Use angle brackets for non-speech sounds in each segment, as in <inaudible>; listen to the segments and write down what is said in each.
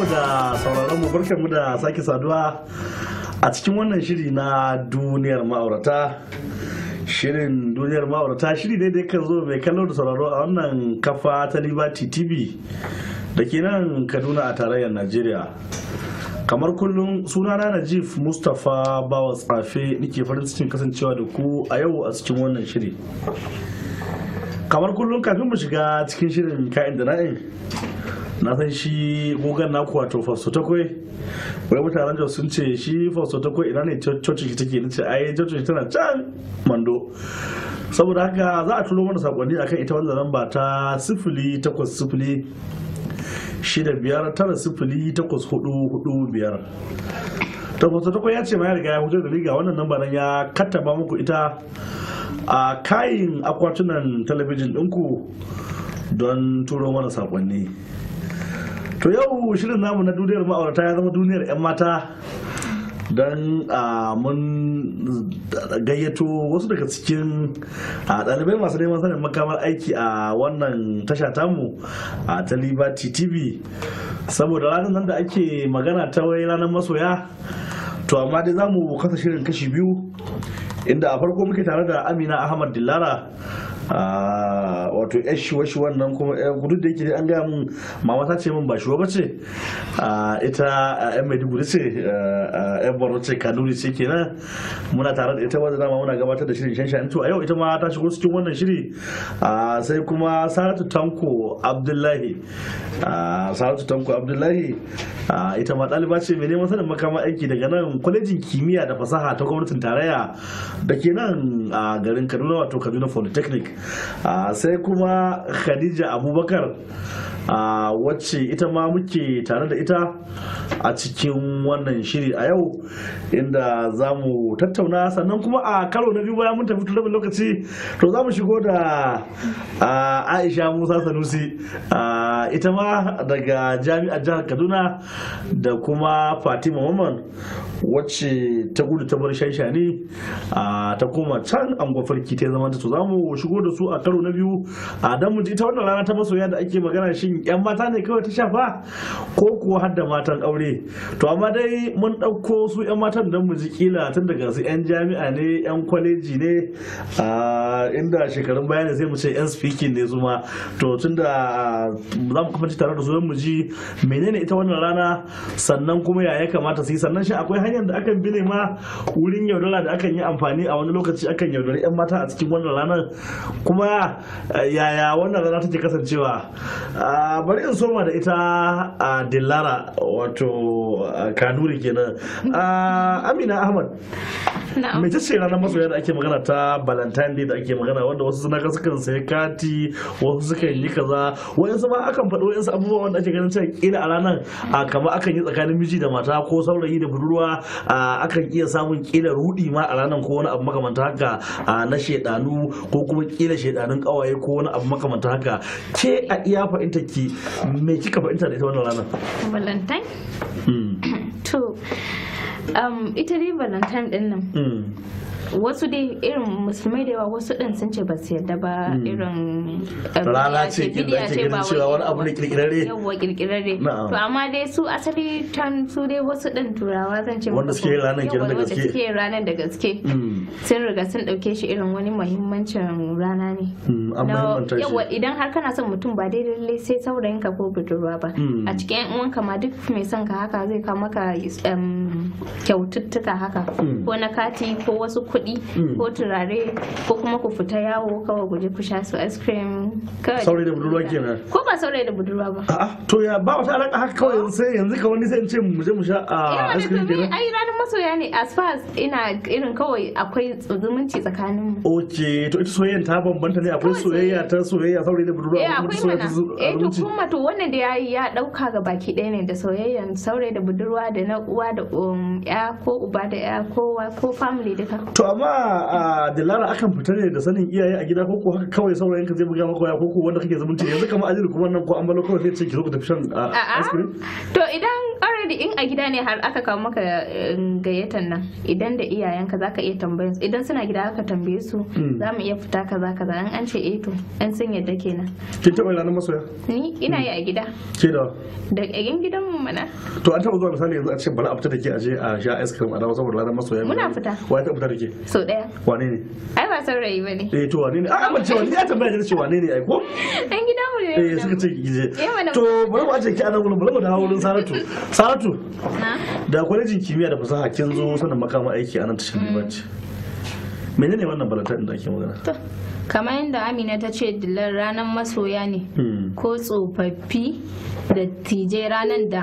mu da sauraron mu barka mu da sake saduwa a cikin wannan shiri na duniyar ma'aurata shirin duniyar ma'aurata shiri ne da kan zo mai kallo da sauraro a wannan kafa ta liberty tv da ke nan kaduna a tarayyar najeriya kamar kullum sunana najif mustapha bawa tsafe nike farin cikin kasancewa da ku a yau a cikin wannan shiri kamar kullum kafin mu shiga cikin shirin ka'in da na'in na san shi gugan naku wato faso takwai wai mutanen jos sun ce shi faso takwai ina ne coci shi take nace ai coci tana can mando saboda haka za a turo mana sakonni akan ita wannan lamba ta sifili takwas sifili shida biyar tara sifili takwas hudu hudu biyar faso takwai ya ce ma ya riga ya hutar da riga wannan namba nan ya kattaba muku ita a kayin akwatunan talabijin ɗinku don turo mana sakonni. to yau shirin namu na duniyar ma'aurata ya zama duniyar 'yan mata don ah, mun gayyato wasu daga cikin ah, ɗalibai masu neman sanin makamar aiki a wannan tasha tamu a ah, ta liberty tv saboda ranar nan da ake magana ta wai ranar masoya to amma dai za mu kasa shirin kashi biyu inda a farko muke tare da amina ahmad dillara Ah, wato yar shuwa shuwan nan kuma gudu eh, da yake an gaya mun mama ta ce min ba shi ba ce ita a yan maiduguri ce yan borno ce kanuri ce kenan muna tare da ita wanda dama muna gabatar da shirin shanshan to a yau ita ma ta shigo cikin wannan shiri sai kuma saratu tanko abdullahi saratu tanko abdullahi ita ma ɗaliba ce mai neman sanin makama aiki daga nan kwalejin kimiyya da fasaha ta gwamnatin tarayya da ke nan a garin kaduna wato kaduna polytechnic sai kuma khadija abubakar wacce ita ma muke tare da ita a cikin wannan shiri a yau inda za mu tattauna sannan kuma a karo na biyu bayan mun tafi tulabin lokaci to za mu shigo da aisha musa sanusi ita ma daga jami'ar jihar kaduna da kuma fatima maman wacce ta gudu ta bar a ta koma can an gwafarki ta zama ta to zamu shigo da su a karo na biyu a dan mu ji ta wannan rana ta masoya da ake magana shin yan mata ne kawai ta shafa ko kuwa har da matan aure to amma dai mun ɗauko su yan matan dan mu ji kila tun daga su yan jami'a ne yan kwaleji ne inda shekarun baya ne sai mu ce yan speaking ne zuma to tun da za mu kafa tare da su don mu ji menene ita wannan rana sannan kuma ya kamata su yi sannan shi akwai hanyar da akan bi ne ma wurin yaudara da akan yi amfani a wani lokaci akan yaudari 'yan mata a cikin wannan ranar kuma eh, yaya wannan rana take kasancewa ah, bari in soma da ita a ah, dillara wato ah, kanuri kenan amina ahmad me ce ce ranar masoya da ake magana ta valentine day da ake magana wanda wasu suna suka sayi kati wasu sukan yi kaza wayansu ma akan faɗo su abubuwa wanda ake ganin cewa ina a ranar kamar akan yi tsakanin miji da mata ko saurayi da budurwa akan iya samun kila rudi ma a ranar ko wani abu makamanta haka na shedanu ko kuma kila shedanun kawaye ko wani abu makamanta haka ke a iya fahimta ki me kika fahimta da ita wannan ranar valentine hmm. to Um, ita dai valentine din nan hmm. wasu dai irin musulmai da yawa wasu din sun ce ba su yarda ba hmm. irin rana um, ce kin da ake ganin cewa wani abu ne kirkirare yawa kirkirare to amma dai su asali tan su dai wasu din turawa zan ce wanda suke ranar kiran da gaske suke ranar da gaske sun riga sun dauke shi irin wani muhimmancin rana ne hmm, yawa idan har kana son mutum ba dai lallai sai saurayinka ko budurwa ba hmm. a cikin yan uwanka ma duk mai son ka haka zai kama ka um, kyaututtuka haka ko na kati ko wasu kuɗi kuɗi mm. ko turare ko kuma ku fita yawo kawai ku je ku sha su ice cream kawai saurayi da budurwa kenan ko ba saurayi da budurwa ba a'a to ya ba wata alaka haka kawai yanzu yanzu ka wani sai in ce mu je mu sha ah, ice cream kenan ai ranar masoya ne as far as ina irin kawai akwai zumunci tsakanin mu oke to ita soyayya ta bambanta ne akwai soyayya ta soyayya saurayi da budurwa eh, ko kuma soyayya ta zumunci eh to kuma to wannan da yayi ya dauka ga baki ɗaya ne da soyayyan saurayi da budurwa da na uwa da um, ya ko uba da ya kowa ko family duka to amma a lara akan fita ne da sanin iyaye a gida koko haka kawai saurayin ka zai buga maka waya koko wanda kake zumunci yanzu kamar ajin kuma nan ko an balo kawai zai ce ki zo ku tafi shan ice cream to idan already in a gida ne har aka kawo maka eh, gayyatan nan idan da iyayenka za ka iya tambayan su idan suna gida aka tambaye su hmm. za mu iya fita kaza kaza in an ce eh to an san yadda kenan kin taba ranar masoya ni ina hmm. yi a gida ke da da yan gidan mu mana to an taba zuwa misali yanzu a ce bari a fita da ke a je a sha ice cream a dawo saboda ranar masoya muna fita wai ta fita da ke so daya wane ne ai ba san rayi bane eh to wane ne a'a ban ce Ni ya tambaya ne ce wane ne ai ko an gida mu ne eh suka ce ki je to bari mu aje ki ana nan bari mu dawo wurin Saratu saratu da kwalejin kimiyya da fasaha kin zo sanin makaman aiki a nan tashin limanci mm. menene wannan balanta da ake magana kamar yadda amina ta ce dillar ranar masoya ne hmm. ko tsofaffi da tije ranar da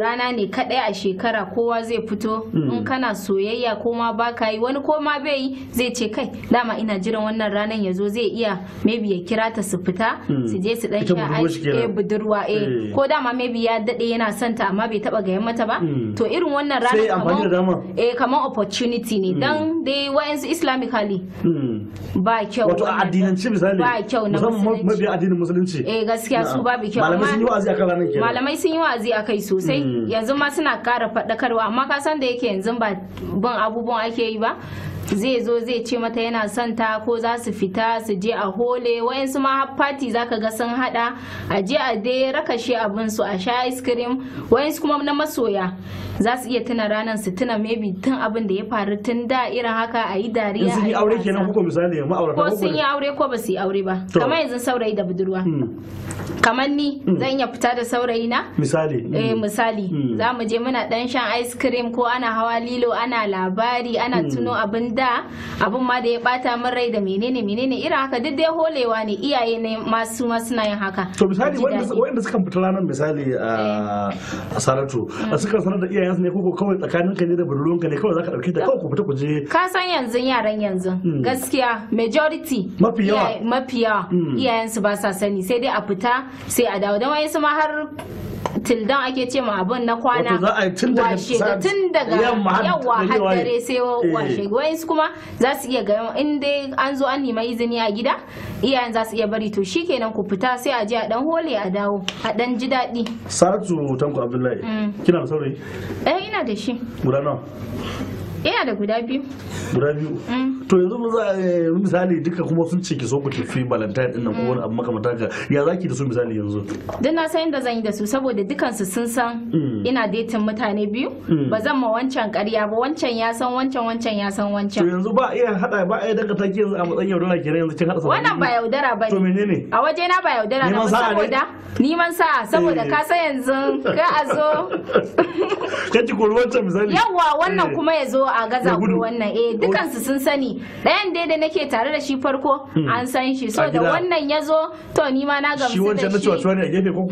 rana ne kadai a shekara kowa zai fito hmm. in kana soyayya ko ma baka yi wani ko ma bai zai ce kai dama ina jiran wannan ranar ya zo zai iya maybe ya kira ta su fita hmm. su je su dan sha a, eh, budurwa eh. Eh. ko dama maybe ya dade yana son ta amma bai taba gayan mata ba to irin wannan ranar kamar eh kamar opportunity ne dan dai wayansu islamically ba kyau wato addinance misali musamman musulunci mabiya addinin musulunci eh gaskiya su babu kyau malamai sun yi wa'azi akan ranar kenan malamai sun yi wa'azi akai sosai hmm. yanzu ma suna ƙara faɗakarwa amma ka san da yake yanzu ba bin abubuwan ake yi ba zai zo zai ce mata yana son ta ko za su fita su je a hole wayansu ma har party zaka ga sun hada a je a dai rakashe abin su a sha ice cream wayansu kuma na masoya za su iya tuna ranar su tuna maybe tun abin da ya faru tun da irin haka a yi dariya sun yi aure kenan ko misali ma'aurata ko sun yi aure ko ba su yi aure ba kamar yanzu saurayi da budurwa hmm. kamar ni hmm. zan iya fita da saurayi na misali hmm. eh misali za mu je muna dan shan ice cream ko ana hawa lilo ana labari ana tuno abin da abun ma da ya bata min rai da menene menene irin haka duk dai holewa ne iyaye ne masu ma suna yin haka to misali wanda suka fita ranar misali a saratu mm. a suka sanar da iyayen su ne ko kawai tsakanin ka ne da budurun ka ne kawai zaka dauke ta kawai ku fita ku je ka san yanzu yaran yanzu mm. gaskiya majority mafi yawa mafi yawa mm. iyayen su ba sa sani sai dai a fita sai a dawo dan wayansu ma har tildan ake ce ma abin na kwana washe tun daga yawa haddare sai eh. washe su kuma za su iya gaya in dai an zo an nima izini a gida iyayen za su iya bari to shi kenan ku fita sai a je a dan hole a dawo a dan ji daɗi saratu tanku abdullahi mm. kina da saurayi eh ina da shi guda nawa ina eh, da guda biyu guda biyu mm. to yanzu eh, misali duka kuma sun ce ki so ku tafi valentine din nan ko wani abu makamata ka ya zaki da su misali yanzu dan na san inda zan yi da su saboda dukansu sun san mm. ina datin mutane biyu mm. ba zan ma wancan ƙarya ba wancan ya san wancan wancan ya san wancan to yanzu ba iya hada ba iya danga take yanzu a matsayin yaudara kenan yanzu kin hada wannan ba yaudara bane to menene a waje na ba yaudara na saboda niman sa'a saboda eh. ka san yanzu ka a zo <laughs> kaci ko wancan misali yawa wannan kuma ya zo a gaza ko wannan eh dukansu sun sani ɗayan dai da nake tare da shi farko hmm. an san shi so da wannan ya zo to ni ma na gamsu da shi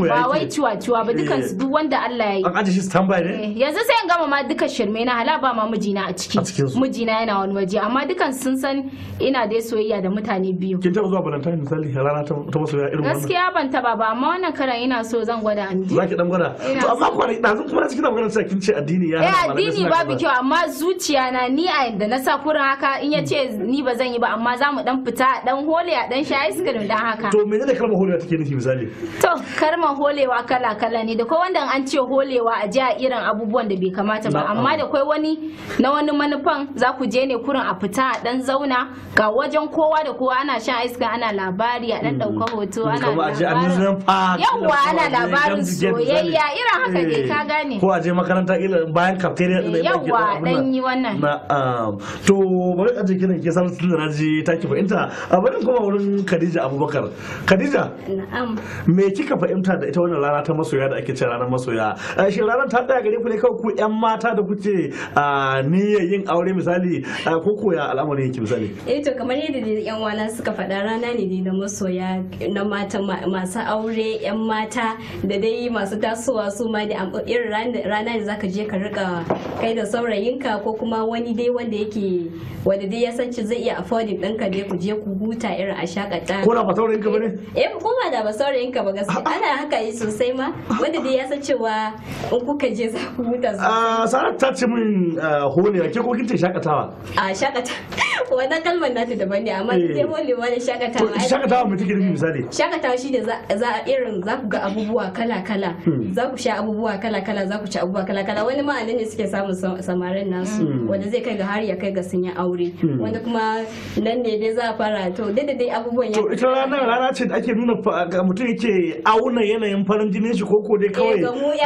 ba wai ciwa-ciwa ba eh. dukansu duk wanda Allah ya yi an aje shi standby ne eh, yanzu sai in gama ma duka shirme na hala ba ma mijina a ciki mijina yana wani waje amma dukan sun san ina dai soyayya da mutane biyu kin taɓa zuwa balantane misali rana ta masoya irin wannan gaskiya ban taɓa ba amma wannan karan ina so zan gwada an zaki dan gwada to amma kuma na kuma na cikin maganar cewa kin ce addini ya eh addini babu kyau amma zuci zuciya na ni a yadda na sa kurin haka in ya ce ni ba zan yi ba amma za mu dan fita dan hole a dan shayi ice cream dan haka to menene karma holewa take nufi misali to karma holewa kala kala ne da kai wanda an ce holewa a ji a irin abubuwan da bai kamata ba amma da kai wani na wani manufan za ku je ne kurin a fita a dan zauna ga wajen kowa da kowa ana shan ice cream ana labari a dan dauka mm. hoto ana labarin yawwa ana labarin soyayya irin haka ne eh. ka gane ko a je makaranta ilimin bayan kafteriya da yawwa dan yi wani wannan na'am to bari a jikin ke samun tun da ji ta ki fahimta a bari kuma wurin Khadija Abubakar Khadija na'am me kika fahimta da ita wannan rana ta masoya da ake ce ranar masoya shi ranar ta tsaya gare ku ne kawai ku yan mata da kuke niyyar yin aure misali ko koya al'amarin yake misali eh to kamar yadda da yan wana suka faɗa rana ne na masoya na mata masu aure yan mata da dai masu tasowa su ma da irin rana da zaka je ka rika kai da saurayinka ko kuma kuma wani dai wanda yake wanda dai ya san zai iya affording ɗinka dai ku je ku huta irin a shakata ko da ba saurayin ka bane eh ko ba da ba ka ba gaskiya <laughs> ana haka yi sosai ma wanda dai ya san cewa in kuka je za ku huta sosai a ah, sarar ta ce min ah, holiya ke ko kinta shakatawa a shakata <laughs> wannan kalmar nata daban ne amma sai eh. holewa da shakatawa shakatawa mu take nufi misali shakatawa shi ne za a irin za ku ga abubuwa kala-kala hmm. za ku sha abubuwa kala-kala za ku ci abubuwa kala-kala wani ma'anin ne suke samun samarin nasu hmm. Hmm. wanda zai kai ga har ya kai ga sun yi aure hmm. wanda kuma nan ne dai za a fara to da dai abubuwan ya to ita ranar rana ce da ake nuna ga mutum yake auna yanayin farin jinin shi koko dai eh, kawai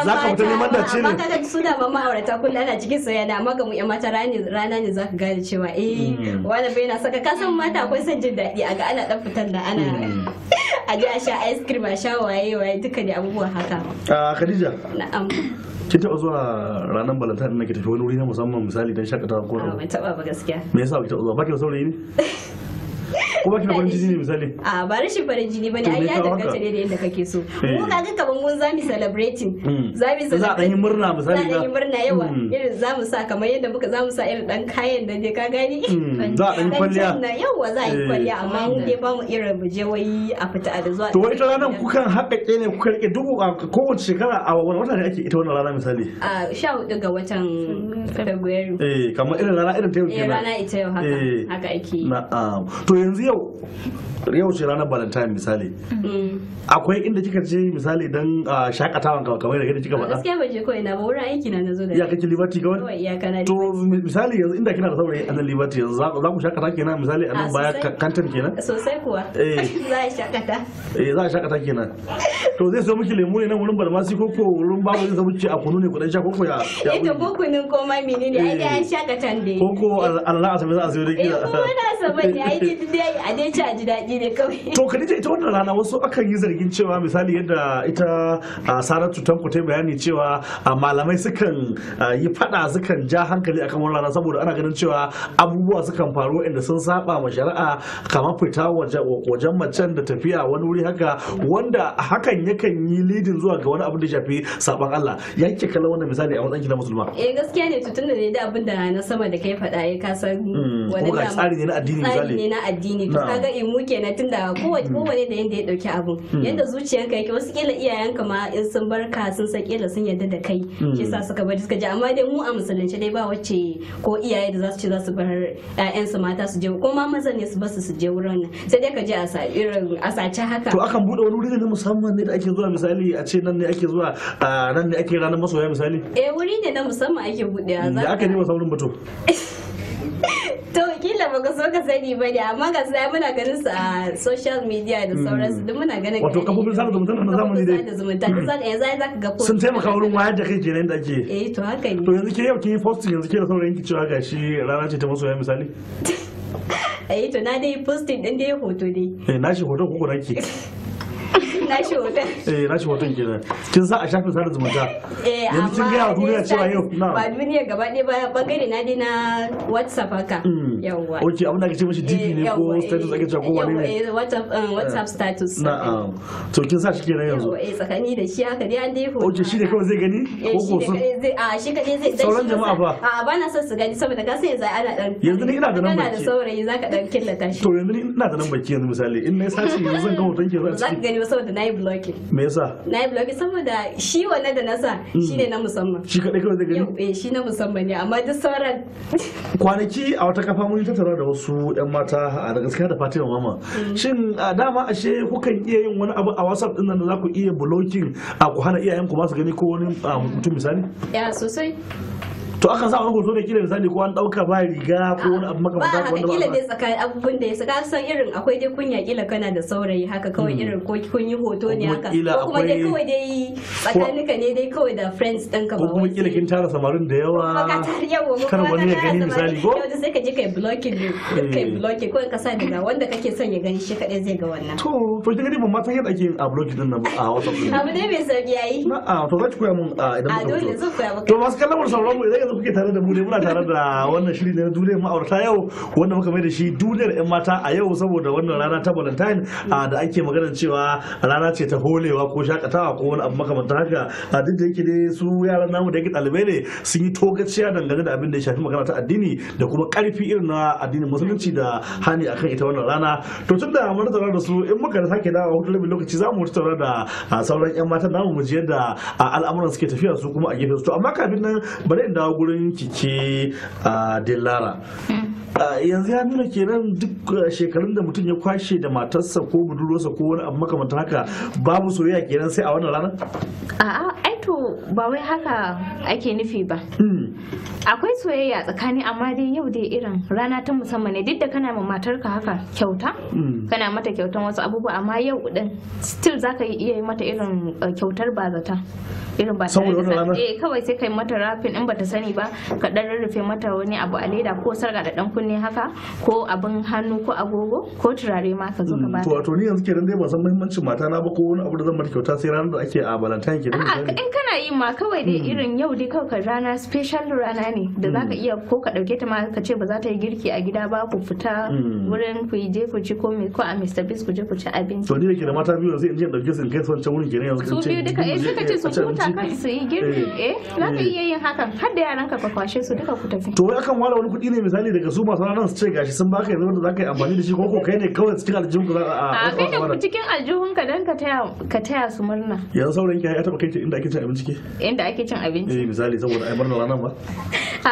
za ka fita neman dace ne mata da suna ba ma'aurata kullum ana cikin soyayya amma ga mu yan mata rana ne za ka gane cewa eh hmm. wanda bai na saka kasan mata akwai son jin daɗi a ga ana dan fitan da ana <laughs> a ji a sha ice cream a sha waye waye duka ne abubuwan haka. Ah, Khadija. Na'am. kin taba zuwa ranar balanta na nake tafi wani wuri na musamman misali don shakatawa ko ba mai taba ba gaskiya me yasa ba ki taba zuwa ba ki saurayi ne <laughs> kuma ki farin jini misali a ba rashin farin jini bane ai ya danganta ne da yadda kake so eh. mu ga kaman mun za mu celebrating hmm. za mu za dan yi murna misali za dan yi murna yawa hmm. irin za mu sa kamar yadda muka za mu sa irin dan kayan da je ka gani hmm. <laughs> za dan kwalliya yawa za yi eh. kwalliya amma mu dai ba mu irin mu je wai a fita a da zuwa to wai ita ranar kukan haƙaƙe ne kuka rike duk kowace shekara a wani wata ne ake ita wannan rana misali a hudu ga watan Fabrairu eh kamar irin rana irin ta yau eh, kenan rana ita yau haka haka ake na'am to yanzu yau yau ce ranar valentine misali akwai inda kika ce misali don shakatawan kamar da kika faɗa gaskiya ban je ko ina ba wurin aiki na na zo da ya kake liberty ga wani to misali yanzu inda kina da saurayi a nan liberty yanzu za ku shakata kenan misali a nan baya kantan kenan sosai kuwa eh. <laughs> za a shakata eh za a shakata kenan to zai so miki lemu ne nan wurin balmasi ko ko wurin babu zai so miki a kunu ne kudan sha ko ko ya ya eh, ita ko kunun ko ma menene ai da an eh. shakatan dai ko ko Allah a sami za a sayo dai kila ko na sabai ai dai a dai ci a ji daɗi ne kawai to kadija ita wannan rana wasu akan yi zargin cewa misali yadda ita saratu tanko ta bayani cewa malamai sukan yi fada sukan ja hankali akan wannan rana saboda ana ganin cewa abubuwa sukan faru inda sun saba ma shari'a kamar fita wajen macen da tafiya wani wuri haka wanda hakan yakan yi lidin zuwa ga wani abu da shafi saban Allah ya kike kallon wannan misali a matsayin na musulma eh gaskiya ne tutun da ne da abin da na sama da kai faɗa ya kasan hmm, wani tsari ne na addini misali ne na addini kaga imu kenan tunda kowace mm. kowane da yadda ya dauki abu mm. yadda zuciyarka yake wasu kila iyayenka ma in sun barka sun san kila sun yarda da kai mm. shi yasa suka bari suka ji amma dai mu a musulunci dai ba wacce ko iyaye da za su ce za su bar su mata su je ko ma mazan ne su basu su je wurin sai dai ka je a irin a sace haka to akan bude wani wuri ne musamman ne da ake zuwa misali a ce nan ne ake zuwa nan ne ake ranar masoya misali eh wuri ne na musamman ake buɗe za ka ne masaurin mutum kila ba ka so ka sani ba ne amma ga sai muna ganin su a social media da hmm. sauransu duk muna ganin wato kafofin sada zumunta na zamani dai sada zumunta da sada yanzu ai zaka ga sun taimaka wurin wayar da kai kenan da ake eh to haka ne to yanzu ke yau yi posting yanzu ke da saurayin ki cewa gashi rana ce ta masoya misali <laughs> eh to na dai posting din dai hoto dai eh na shi hoto ko ko nake <laughs> nashi hoton eh nashi hoton kenan kin sa a shafin sada zumunta eh amma kin ga duniya cewa yau na ba duniya gaba ɗaya ba bangare na dai na whatsapp haka hmm. yawa okay abin da kace mishi dp ne eh, ko status ake cewa ko eh, wani ne eh, whatsapp whatsapp status na'am to kin sa shi kenan yanzu eh tsakani da shi haka dai an dai hoton okay shi ne kawai zai gani ko ko su a ah, shi ka dai zai sauran jama'a fa a ba na son su gani saboda ka sai yanzu ana dan yanzu ni ina da nan baki da saurayi zaka dan killata shi to yanzu ni ina da nan baki yanzu misali in na sace yanzu zan ga hoton ke zan gani ba saboda na yi blogging. me yasa na yi blogging saboda shi wanne da na sa mm. shi ne na musamman shi kadai kawai zai gani eh shi na musamman ne amma duk sauran <laughs> kwanaki a wata kafa mun tattara da wasu yan mata da gaskiya da Fatima mama mm. shin a dama ashe kukan iya yin wani abu a WhatsApp ɗin nan da za ku iya blogging a ku hana iyayenku ba su gani ko wani mutum misali ya sosai to aka sa wani hoto da kila misali ko an dauka ba riga ko wani abu makamanta ko wani ba kila dai tsakanin abubuwan da ya saka san irin akwai dai kunya kila kana da saurayi haka kawai hmm. irin ko kun yi hoto ne haka ko kuma dai kawai dai tsakaninka ne dai kawai da friends din ka ba ko kuma kila kin tara samarin da yawa ka tar yawa ko kar wani ya gani misali ko yau sai ka je kai blocking ne kai hmm. blocking ko ka sa daga wanda kake son ya gani shi kadai zai ga wannan to to kin gani ban ma san yadda ake a blocking din nan a WhatsApp abu dai mai sauki yayi a'a to zaki koya mun idan ka to masu kallon sauraron mu idan da kuke tare da mu ne muna tare da wannan shiri da na duniyar ma'aurata yau wanda muka mai da shi duniyar 'yan mata a yau saboda wannan rana ta valentine da ake magana cewa rana ce ta holewa ko shakatawa ko wani abu makamantar haka a duk da yake dai su yaran namu da yake ɗalibai ne sun yi togaciya dangane da abin da ya shafi magana ta addini da kuma karfi irin na addinin musulunci da hani akan ita wannan rana to tun da mun tattauna da su in muka sake dawowa hutu rabin lokaci za mu tattauna da sauran 'yan mata namu mu ji yadda al'amuran suke tafiya su kuma a gefen su to amma kafin nan bari in dawo gurin cice a dillara yanzu ya nuna kenan duk shekarun da mutum ya kwashe da matarsa ko budurwarsa ko wani abu makamantan haka babu soyayya kenan sai a wannan ranar a'a ai to ba wai haka ake nufi ba hmm. akwai soyayya tsakani amma dai yau dai irin rana ta musamman ne duk da kana ma matarka haka kyauta hmm. kana mata kyautan wasu abubuwa amma yau din still zaka iya yi mata irin eh, kyautar bazata irin ba tare da sanin eh, kawai sai kai mata rafin in bata sani ba ka dan rarrafe mata wani abu a leda ko sarga da dan kunne haka ko abin hannu ko agogo ko turare ma ka zo ka mm, bata wato ni yanzu kenan dai ba san muhimmancin mata na ba ko wani abu da zan mata kyauta sai ranar da ake a valentine ke a in kana yi ma kawai dai mm. irin yau dai kawai ka rana special rana ne da zaka mm. iya ko ka dauke ta ma ka ce ba za ta yi girki a gida ba ku fita wurin ku je ku ci ko ko a Mr. Bis ku je ku ci abinci to ni da ke da mata biyu sai in je in dauke su in kai su wancan wurin kenan yanzu kan ce eh, su biyu duka eh suka ce su sa kan su yi girbi eh za ka iya yin hakan har da yaran ka ka kwashe su duka ku tafi to wai akan wala wani kuɗi ne misali daga su masu nan su ce gashi sun baka yanzu wanda za ka yi amfani da shi ko kai ne kawai cikin aljihun ka za a kai ne cikin aljihun ka dan ka taya su murna yanzu sauran ki ya taba kai inda ake cin abinci ke inda ake cin abinci eh misali saboda ai murna ranar ba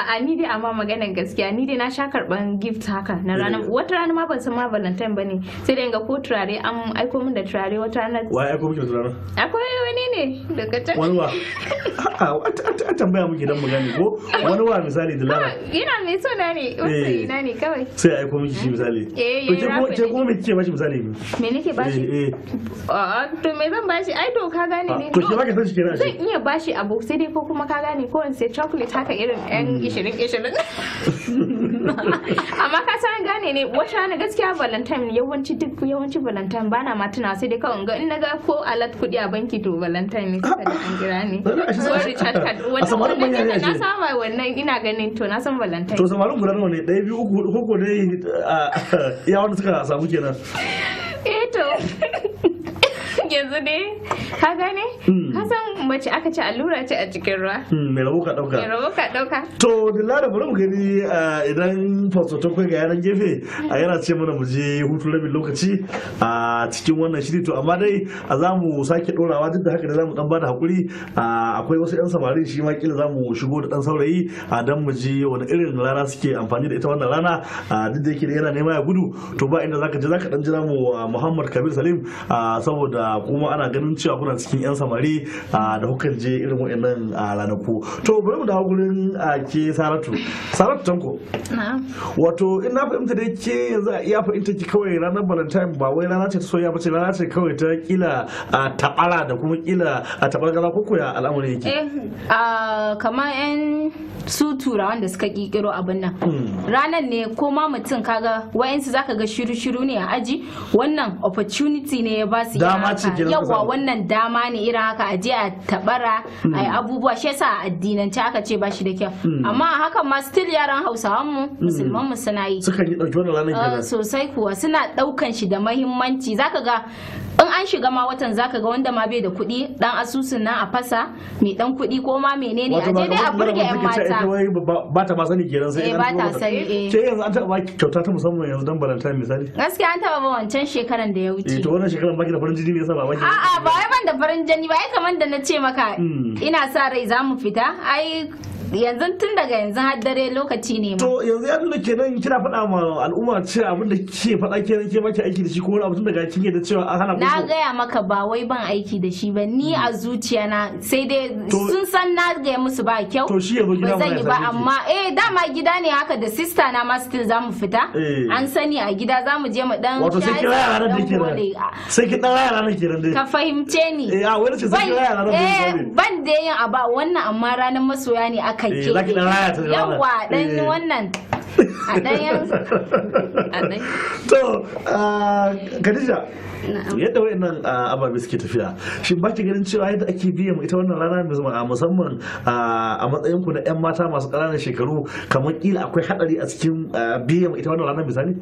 a'a ni dai amma maganar gaskiya ni dai na sha karban gift haka na ranar wata rana ma ban san ma valentine bane sai dai ga ko turare an aiko min da turare wata rana wai aiko miki turare akwai wani ne daga can wa a tambaya muke dan magani ko wani wa misali da lara yana mai so na ne wasu eh. na ne kawai sai aiko miki shi misali eh eh ke ko me kike bashi misali ne me nake bashi eh, eh. Ah, to me zan bashi ai to ka gane ah, ne to ke baka san shi kenan zan iya bashi abu sai ko kuma ka gane ko in sai chocolate haka irin yan 20 20 <laughs> amma ka san gane ne wata na gaskiya valentine yawanci duk yawanci valentine ba na matuna sai dai kawai ga in ga ko alat kudi a banki to valentine ne suka <laughs> <laughs> da an gira ne ko richard card wannan na saba wannan ina ganin to na san valentine to samarin guda wani ne ɗaya biyu uku hudu ko dai iya wanda suka samu kenan eh to yanzu dai ka gane hmm. ka san mace aka ci allura ce a cikin ruwa mai hmm, rabo ka dauka mai rabo ka dauka to dilla da bari mu gani idan fasoto kai ga yaran gefe a yana ce mana mu je hutu rabin lokaci a cikin wannan shiri to amma dai a za sake dorawa duk da haka da za mu dan bada hakuri akwai wasu yan samarin shi ma kila za shigo da dan saurayi a dan mu ji wani irin rana suke amfani da ita wannan rana duk da yake da yana nema ya gudu to ba inda zaka je zaka dan jira mu Muhammad Kabir Salim saboda kuma ana ganin cewa kuna cikin yan samari da hukar je irin wa'annan ranaku to bari mu dawo gurin ke saratu saratu tanko wato in na fahimta da ke yanzu iya fahimta ki kawai ranar valentine ba wai rana ce ta soya bace rana ce kawai ta kila tabara da kuma kila a tabar gaza ko ya al'amari yake eh kamar yan su tura wanda suka kikiro abin nan hmm. ranar ne ko ma mutum kaga wa'ansu zaka ga shiru-shiru ne a aji wannan opportunity ne ya ba su yawa wannan dama ne irin haka a je a tabara hmm. ai abubuwa shi yasa addinance aka ce ba shi da kyau hmm. amma hakan ma still yaran hausawan mu hmm. musulman mu suna yi sukan ah, sosai kuwa suna ɗaukan shi da mahimmanci zaka ga in an shiga ma watan zaka ga wanda ma bai da kuɗi dan asusun nan a fasa mai dan kuɗi ko ma menene a je dai a burge yan mata ba ta ba sani kenan sai eh, ba ta sani eh ke yanzu an taba kyauta ta musamman yanzu dan balanta misali gaskiya an taba ba wancan shekaran da ya wuce eh to wannan shekaran baki da farin jini ne yasa ba baki a'a ba wai ban da farin jini ba ai kamar da na ce maka hmm. ina sa rai za mu fita ai yanzu tun daga yanzu har dare lokaci ne to yanzu ya ke nan kina faɗa ma al'umma ce abin da ke faɗa nan ke maki aiki da shi ko wani abu tun daga kin yadda cewa a hana na gaya maka ba wai ban aiki da shi ba ni a hmm. zuciya na sai dai sun san na gaya musu ba kyau to shi yanzu gida ne ba amma eh dama gida ne haka da sista na ma still za mu fita eh. an sani a gida za mu je mu dan wato sai kira yara da nan sai ki dan yara ke nan dai ka fahimce ni eh a wani ce sai kira yara da kiran eh, ban da yin aba wannan amma ranar masoya ne aka kai eh, ke yawa dan eh. wannan a <laughs> to Khadija yadda wayannan ababe suke tafiya shin ba ki ganin cewa yadda ake biyan ita wannan rana musamman a matsayin ku na yan mata masu ƙananan shekaru kamar kila akwai hadari a cikin biyan ita wannan rana misali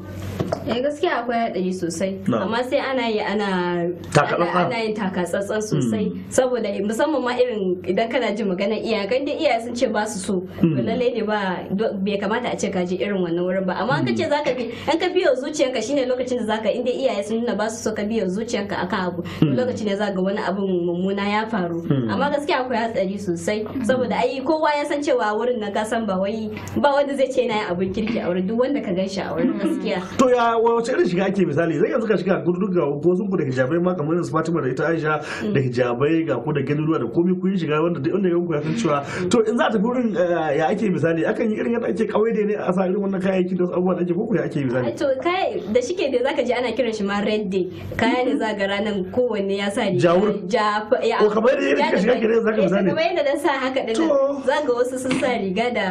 eh gaskiya akwai hadari sosai amma sai ana yi ana ana yin hmm. sosai saboda musamman ma irin idan kana jin magana iyakan da iyaye sun ce ba su so to hmm. lallai ne ba bai kamata a ce ka je irin wannan wurin ba amma an ka hmm. zaka bi an ka biyo zuciyanka shine lokacin da zaka inda iyaye sun nuna ba su so ka biyo zuciyanka akan abu hmm. lokacin ne zaka wani abu mummuna ya faru hmm. amma gaskiya akwai hatsari sosai saboda ai kowa ya san cewa wurin na ka san ba wai ba wanda zai ce na yin abin kirki a wurin duk wanda ka gan shi a wurin gaskiya to ya wace irin shiga ake misali zai yanzu ka shiga gurduga ko sun ku da hijabai ma kamar su Fatima da ita Aisha da hijabai ga ku da ganuwa da komai kun shiga wanda duk inda yanku ya san cewa to in za ta gurin eh, ya ake misali akan yi irin yadda ake kauye ne a sa irin wannan kayayyaki da abubuwan da ake koko ya ake yi zaka to kai da shike da zaka ji ana kiran shi ma red day kaya ne za ga ranar kowanne ya sa ni jawur ja ya ko oh, kamar yadda yake shiga kire zaka misali eh, kamar yadda dan sa haka din zaka wasu sun sa riga da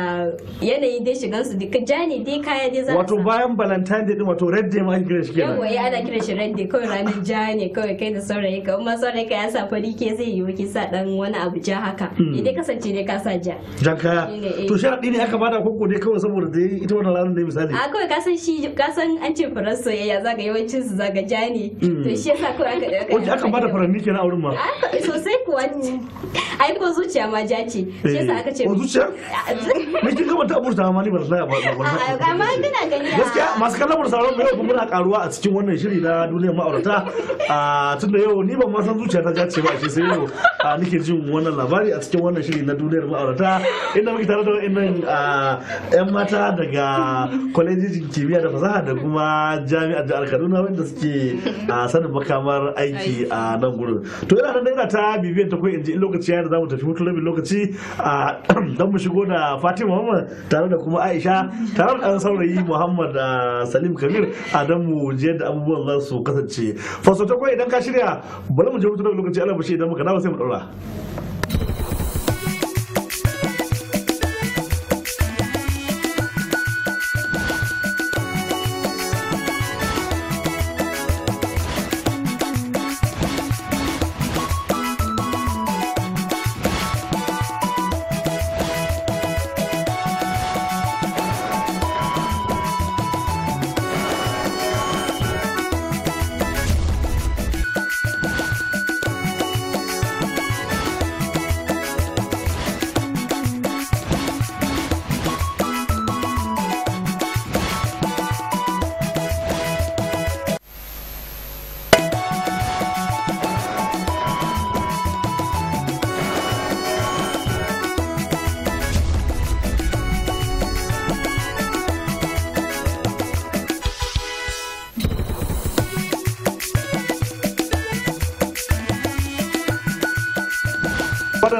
yanayi dai shigan su duka ja ne dai kaya dai za wato bayan valentine day din wato red day ma ake kiran shi kenan yawa ya eh, ana kiran shi red day kawai ranar ja ne kawai kai da saurayi ka amma saurayi ka ya sa fari ke zai yi miki sa dan wani abu ja haka hmm. idan kasance ne ka sa ja jan kaya eh. to sharadi ne aka bada koko dai kawai saboda dai ita wannan ranar ne misali a kawai ka san shi ka san an ce farar soyayya zaka yawancin su zaka ja ne to shi yasa kawai aka dauka wace aka bada faranni kenan auren ma sosai kuwa ai ko zuciya ma ja ce shi yasa aka ce ko zuciya me kin gaba ta aburta ma ni ba sai ba ba amma kana gani gaskiya masu kallon mu sauran yau muna karuwa a cikin wannan shiri na duniyar ma'aurata a tunda yau ni ban ma san zuciya ta ja ce ba shi sai yau nake jin wannan labari a cikin wannan shiri na duniyar ma'aurata inda muke tare da wa'annan 'yan mata daga daga kwalejin kimiyya da fasaha da kuma jami'ar jihar kaduna wanda suke a sanin makamar aiki a nan gurin to yana nan yana ta bibiyan ta ko in ji in lokaci ya da mu tafi mutu rabin lokaci a <clears throat> don mu shigo da fatima muhammad tare da kuma aisha tare da ɗan saurayi muhammad salim kabir a don mu je da abubuwan za su kasance fasoto ko idan ka shirya bari mu je mutu rabin lokaci ala bashi idan muka dawo sai mu ɗaura.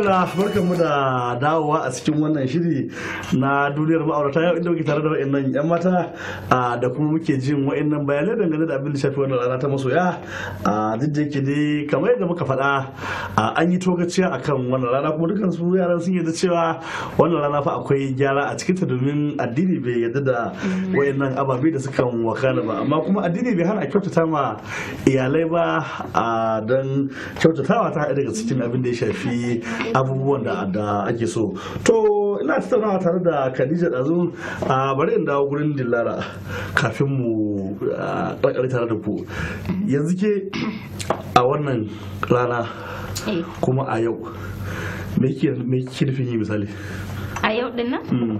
da barkan mu da dawowa a cikin wannan shiri na duniyar ma'aurata yau inda muke tare da wa'annan yan mata da kuma muke jin wa'annan bayanai dangane da abin da shafi wannan rana ta masoya duk da yake kamar yadda muka faɗa an yi tokaciya kan wannan rana kuma dukkan su yaran sun yarda cewa wannan rana fa akwai gyara a cikinta domin addini bai yarda da wayannan ababe da suka wakana ba amma kuma addini bai hana a kyautata ma iyalai ba a don kyautatawa ta haɗe daga cikin abin da ya shafi abubuwan da ake so to ina tattaunawa tare da khadija ɗazu bari in dawo gurin dillara kafin mu ƙarƙari tare da ku yanzu ke a wannan rana kuma a yau me ke nufin yi misali a yau dinnan. nan mm.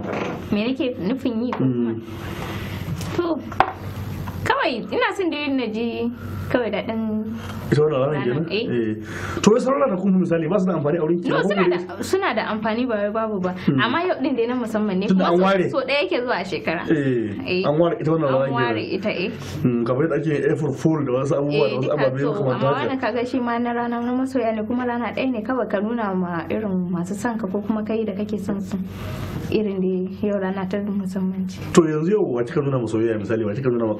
me nake nufin yi mm. to kawai ina son dai na ji kawai da dan ita wannan ranar kenan eh. Eh. to wai sauran ranakun misali ba su da amfani a wurin kira? ko suna da amfani ba wai babu ba hmm. amma yau din dai na musamman ne kuma so ɗaya yake zuwa shekara eh. an ware ita wannan ranar an ware ita eh hmm, kamar yadda ake yin effort full da wasu abubuwa da wasu ababe kamar haka amma wannan kaga shi ma na rana na masoya ne kuma rana ɗaya ne kawai ka nuna ma irin masu son ka ko kuma kai da kake son su irin da yau rana ta musamman to yanzu yau wace ka nuna masoya misali wace ka nuna ma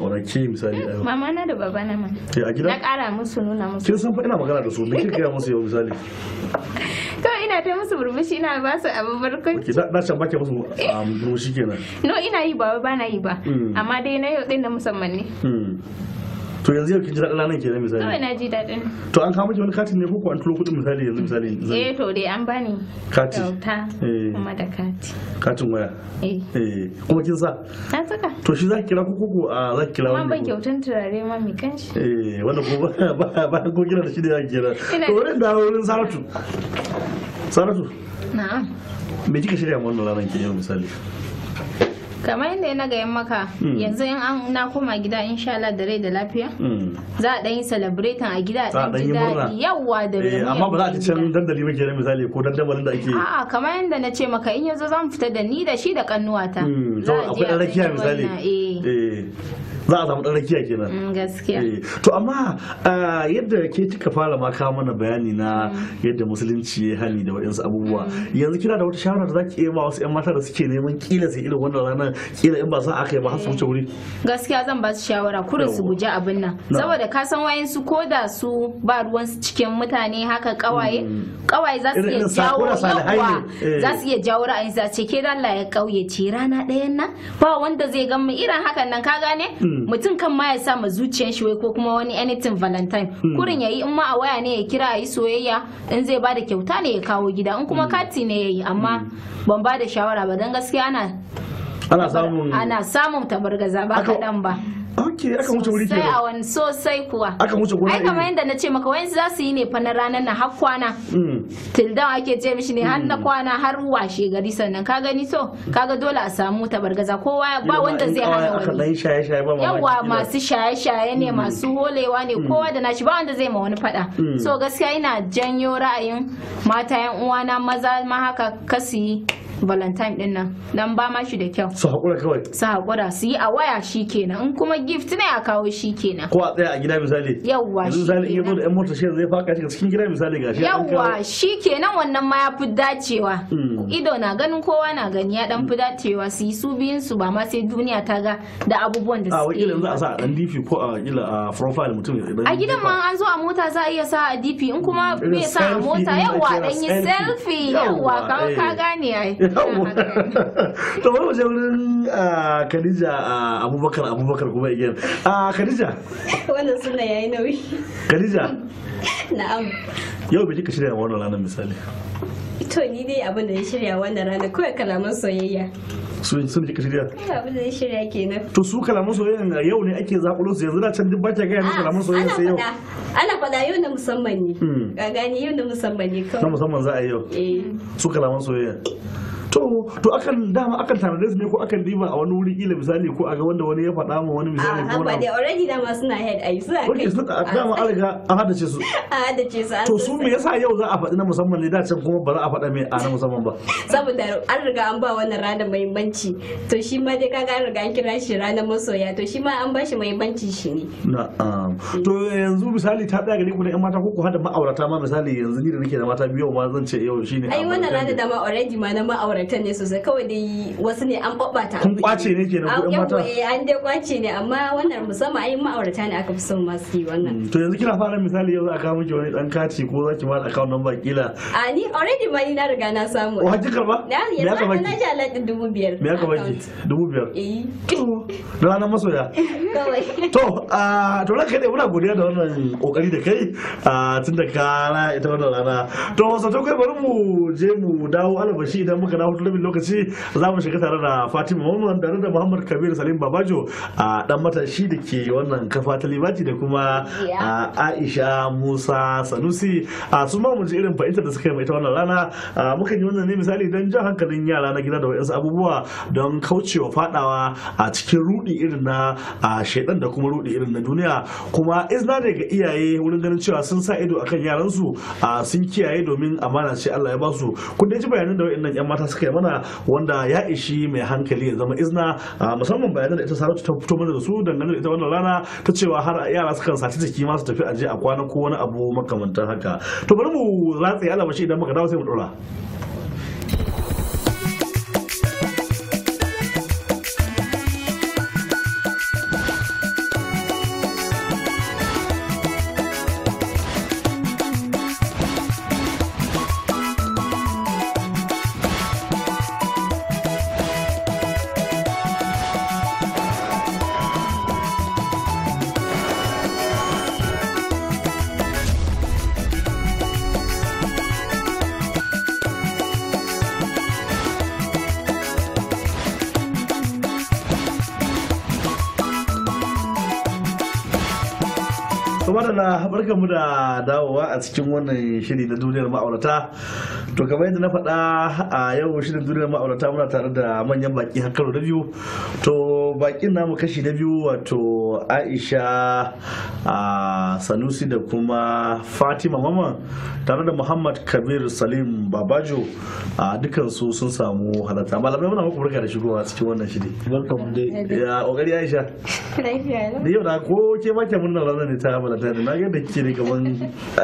misali eh, a mama na da baba na ma eh, a gida na kara musu nuna musu kin san fa ina magana da su me kike gaya musu yau misali kawai <laughs> ina ta musu burbushi ina ba su abin barkwanci na can baki musu burbushi um, kenan no ina yi ba ba na yi ba hmm. amma dai na yau din na musamman ne hmm. to yanzu yau kin ji daɗin ranar kenan misali kawai na ji daɗin to an kawo miki wani katin ne ko an turo kuɗin misali yanzu misali eh to dai an bani katin kyauta eh. kuma da kati katin waya eh, eh. kuma kin sa an saka to shi za ki kira ko ko a ah, za ki kira wani ban kyautan turare ma mai kanshi eh wanda ko ba ba ko kira da shi da ya kira to wurin da wurin saratu saratu na'am me kika shirya wannan ranar kenan misali kamar yadda na gayan maka hmm. yanzu in an na koma gida insha Allah da rai da lafiya hmm. za a dan yi celebrating a gida a ɗan gida yawwa yawa da rai eh, amma ba za a ci can dandali muke da misali ko dandamalin da ake a'a kamar yadda na ce maka in yazo zan fita da ni da shi da kannuwata hmm, za a je a rakiya misali eh. Eh. za a samu ɗan rakiya kenan mm, gaskiya eh, to amma ah, yadda ke kika fara ma kawo mana bayani na mm. yadda musulunci ya hani da waɗansu abubuwa mm. yanzu kina da wata shawara da za ki iya ma wasu 'yan mata da suke neman kila su irin wannan ranar kila in ba za a kai ba har su wuce eh, wuri gaskiya zan ba su shawara kurin su guji abin nan saboda ka san wayansu ko da su ba ruwan su cikin mutane haka kawaye kawaye za su iya jawo yawa eh. za su iya jawo ra'ayin su a ce ke Allah ya kauye ce rana ɗayan nan ba wanda zai gan mu irin hakan nan ka gane Hmm. mutum kan ma ya sa ma zuciyar shi wai ko kuma wani anything valentine hmm. kurin yayi in ma a waya ne ya kira yi soyayya in zai bada kyauta ne ya kawo gida in kuma hmm. kati ne yayi amma ban bada shawara ba dan gaskiya samun ana samun tabargaza ba kaɗan ba ok aka wuce wuri kenan a wani sosai kuwa aka wuce gona ai kamar yadda na ce maka wayansu za su yi ne fa na ranar na har kwana mm. tildan ake ce mishi ne har na mm. kwana har washe gari sannan ka gani so kaga dole a samu tabargaza kowa ba wanda zai hana wani yawa masu shaye-shaye ne mm. masu holewa ne kowa da nashi ba wanda zai ma wani fada so gaskiya ina janyo ra'ayin mata yan uwana maza ma haka yi. valentine din nan dan ba ma shi da kyau su hakura kawai su hakura su yi a waya shi kenan in kuma gift ne a kawo shi kenan ko a tsaya a gida misali yawwa shi misali in da yan mota shi zai faka shi cikin gida misali gashi yawwa shi kenan wannan ma ya fi dacewa hmm. ido na ganin kowa na gani ya dan fi hmm. dacewa su yi su biyun su ba ma sai duniya ta ga da abubuwan da suke a wakilin za a sa a dan dp ko a kila a profile mutum a gidan ma an zo a mota za a iya sa a dp in kuma hmm. bai sa a mota yawwa dan yi selfie yawwa ka eh. gane ai <laughs> yawo <laughs> to bari mu je wurin ah, Khadija ah, Abubakar Abubakar kuma again ah, Khadija wannan suna yayi nauyi Khadija na'am yau bai kika shirya wannan ranar misali to ni dai abin da ya shirya wannan ranar kawai kalaman soyayya Su ne sun jika shirya abin da ya shirya kenan to su kalaman soyayya yau ne ake zakulo su yanzu na can duk baki gaya kalaman soyayya sai yau ana faɗa yau na musamman ne ga hmm. gani yau na musamman ne kawai na musamman za a yi yau eh. su kalaman soyayya to to akan dama akan da su ne ko akan diba a wani wuri kila misali ko a ga wanda wani ya faɗa ma wani misali ko wani already dama suna head ai suna kai suna dama an riga an hadace <laughs> su an ce su to su me yasa yau za a faɗi na musamman ne da can kuma ba za a faɗa mai a na musamman ba <laughs> saboda an riga an ba wannan mai muhimmanci to shi ma dai kaga an riga an kira shi ranar masoya to shi ma an ba shi muhimmanci shi ne na'am to yanzu misali ta tsaya gare ku da yan mata ko ku hada ma'aurata ma misali yanzu ni da nake da mata biyu ma zan ce yau shine ai wannan ranar dama already ma na ma'aurata makarantar ne sosai kawai dai wasu ne an babbata an kwace ne kenan ko mata eh, an dai kwace ne amma wannan musamman ai ma'aurata ne aka fi son masu yi wannan mm, to yanzu kina fara misali yau aka miki wani dan kaci ko zaki ba da account number kila a ni already ma na riga na samu wa ji ba na ya ka baki na ja ladin dubu biyar me ya ka baki dubu biyar eh ranar masoya <laughs> kawai to a to ranka dai muna godiya da wannan kokari da kai a tunda ka ita wannan rana to wasu to kai bari mu je mu dawo alabashi idan muka na. hudu lokaci za mu shiga tare da fatima mamman tare da muhammad kabir salim babajo a dan matashi da ke wannan kafa ta libati da kuma aisha musa sanusi a su ma irin fahimtar da suka yi ita wannan rana muka yi wannan ne misali don jan hankalin yara na gida da wa'insu abubuwa don kaucewa fadawa a cikin rudi irin na shaidan da kuma rudi irin na duniya kuma izna ga iyaye wurin ganin cewa sun sa ido akan yaransu sun kiyaye domin amana ce Allah ya ba su kun dai ji bayanan da wa'annan yan mata suka suka yi mana wanda ya ishi mai hankali ya zama izina musamman bayanan da ita saratu ta fito mana da su dangane da ita wannan rana ta cewa har yara sukan saci jiki ma su tafi aje a kwana ko wani abu makamantar haka to bari mu ratse shi idan muka dawo sai mu dora barka mu da dawowa a cikin wannan shiri na duniyar ma'aurata to kamar yadda na faɗa a yau shirin duniyar ma'aurata muna tare da manyan baki har karo da biyu to bakin namu kashi na biyu wato aisha a sanusi da kuma fatima mama tare da muhammad kabir salim babajo a dukansu sun samu halatta malamai muna muku burka da shigowa cikin wannan shiri ne. dai ya kokari aisha da yau na ko ke ma ke murnar ranar ne ta halatta ne na ga da ke ne kaman <laughs>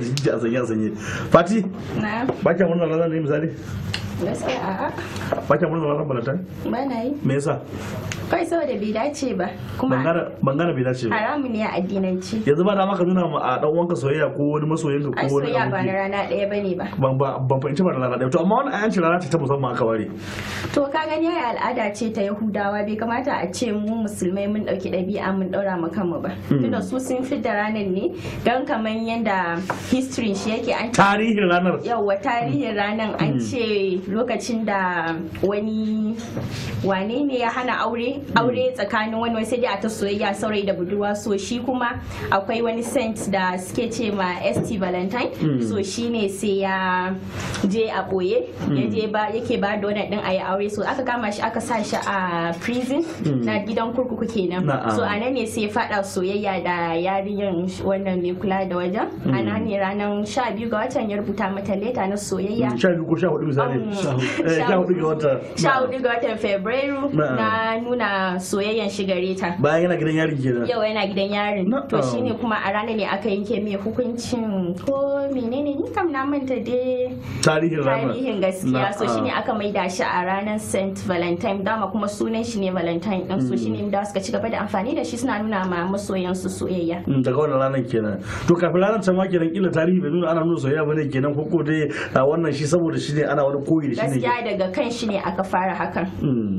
a sanye a sanye fati ba ke murnar ranar ne misali gaskiya a'a ba ki murna ranar valentine ba na yi me yasa kai saboda bai dace ba kuma bangare bai dace ba haramu ne a addinanci yanzu ba da maka nuna ma a dan wanka soyayya ko wani masoyin ko wani soyayya ba na rana daya bane ba ban ba ban fahimci ba na rana daya to amma wani ayanci rana ce ta musamman aka ware to ka gani ai al'ada ce ta yahudawa bai kamata a ce mu musulmai mun dauki dabi'a mun daura mu kanmu ba hmm. tunda su sun fi da ranar ne dan kamar yanda history shi yake an tarihin ranar yawa tarihin ranar an hmm. ce lokacin da wani wane ne ya hana aure aure hmm. tsakanin wani sai a ta soyayya saurayi da budurwa so shi kuma akwai wani saint da suke ce ma st valentine hmm. so shi ne sai ya je a boye hmm. yake ba da wani din a yi aure so aka kama shi aka sa shi a prison na gidan kurkuku kenan so a nan ne sai fada soyayya da yarinyar wannan mai kula da wajen a nan ne ranar 12 ga watan ya rubuta mata leta na soyayya Shahu watan sha hudu ga watan fabrairu na nuna soyayyan shigare ta bayan yana gidan yarin kenan yau yana gidan yarin to shine kuma a ranar ne aka yanke mai hukuncin ko menene ni kam na manta dai tarihin ranar tarihin gaskiya so shine ah. aka maida shi a ranar Saint Valentine dama kuma sunan shi ne Valentine din so shine hmm. da suka ci gaba da amfani da shi suna nuna ma masoyan su soyayya hmm, daga wannan ranar kenan to kafin ranar ta ma kenan kila tarihi bai nuna ana nuna soyayya bane kenan ko ko dai wannan shi saboda shi ne ana wani koyi gaskiya daga kan shi ne aka fara hakan hmm.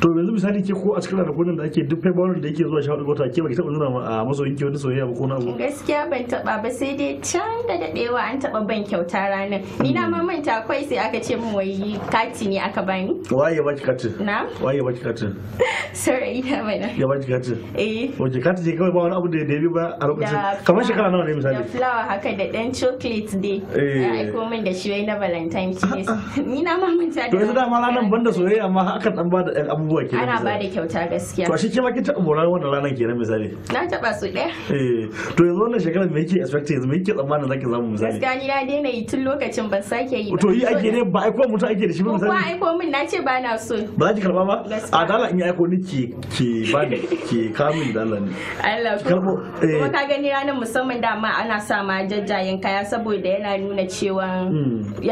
to yanzu misali ke ko a cikin ranakunan da ake duk february da yake zuwa sha hudu wata ke baki taɓa nuna a masoyin ki wani soyayya ba ko na gaskiya ban taɓa ba sai dai can da daɗewa an taɓa ban kyauta ranar ni na ma hmm. manta akwai sai aka ce min wai kati ne aka bani waye baki katin na waye baki katin <laughs> sarai ina mana ya baki katin eh wace katin ce kawai ba wani abu da ya bi ba a lokacin kamar shekara nawa ne misali da flower haka da ɗan chocolate dai eh ai min da shi wai na valentine shi ni na ma manta to yanzu ma ranar banda soyayya amma akan dan bada ɗan abubuwa ke. ana bada kyauta gaskiya to shi ke ma kin taɓa morar wannan ranar kenan misali na taɓa su ɗaya eh to yanzu wannan shekarar me yake expect yanzu me yake tsammanin zaki samu misali gaskiya ni na daina yi tun lokacin ban sake yi to yi ake ne ba aiko mutum ake da shi misali ko aiko min na ce ba na so ba za ki karba ba a dala in ya aiko ni ki ki ba ni ki kamin da Allah ne Allah eh. kuma ka gani ranar musamman da ma ana sa ma jajjayen kaya saboda yana nuna cewa hmm.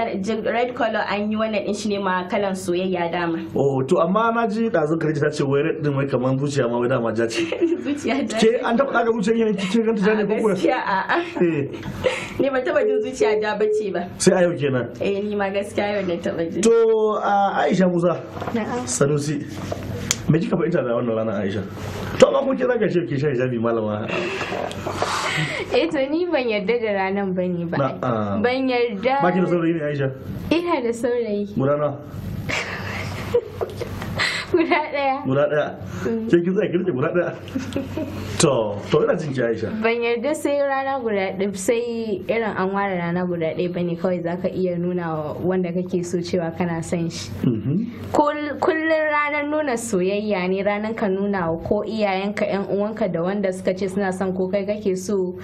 red color an an yi wannan din shi ne ma kalan soyayya dama oh to amma na ji ɗazu, kare ta ce wai din mai kaman zuciya ma wai dama ja ce <laughs> zuciya da ke an taba daga zuciya yayin kike ganta ta ne ko gaskiya a eh. a <laughs> ne ba taba jin zuciya ba bace ba sai a yau kenan eh ni ma gaskiya yau ne taba jin. to Aisha Musa na'am Sanusi me kafa fahimta da wannan rana Aisha to amma kun ke zaka ce ke shayi zabi malama eh to ni ban yarda da ranan ne ba ban yarda ba ki da saurayi ne Aisha ina da saurayi gudana <laughs> guda ɗaya guda ɗaya mm. ke ki zai kirki guda ɗaya <laughs> to to ina jin ki Aisha ban yarda sai rana guda ɗaya sai irin an ware rana guda ɗaya bane kawai zaka iya nuna wanda kake so cewa kana son shi mm-hmm. kullum ranar nuna soyayya ne ranar ka nuna wa ko iyayenka yan uwanka da wanda suka ce suna son ko kai kake so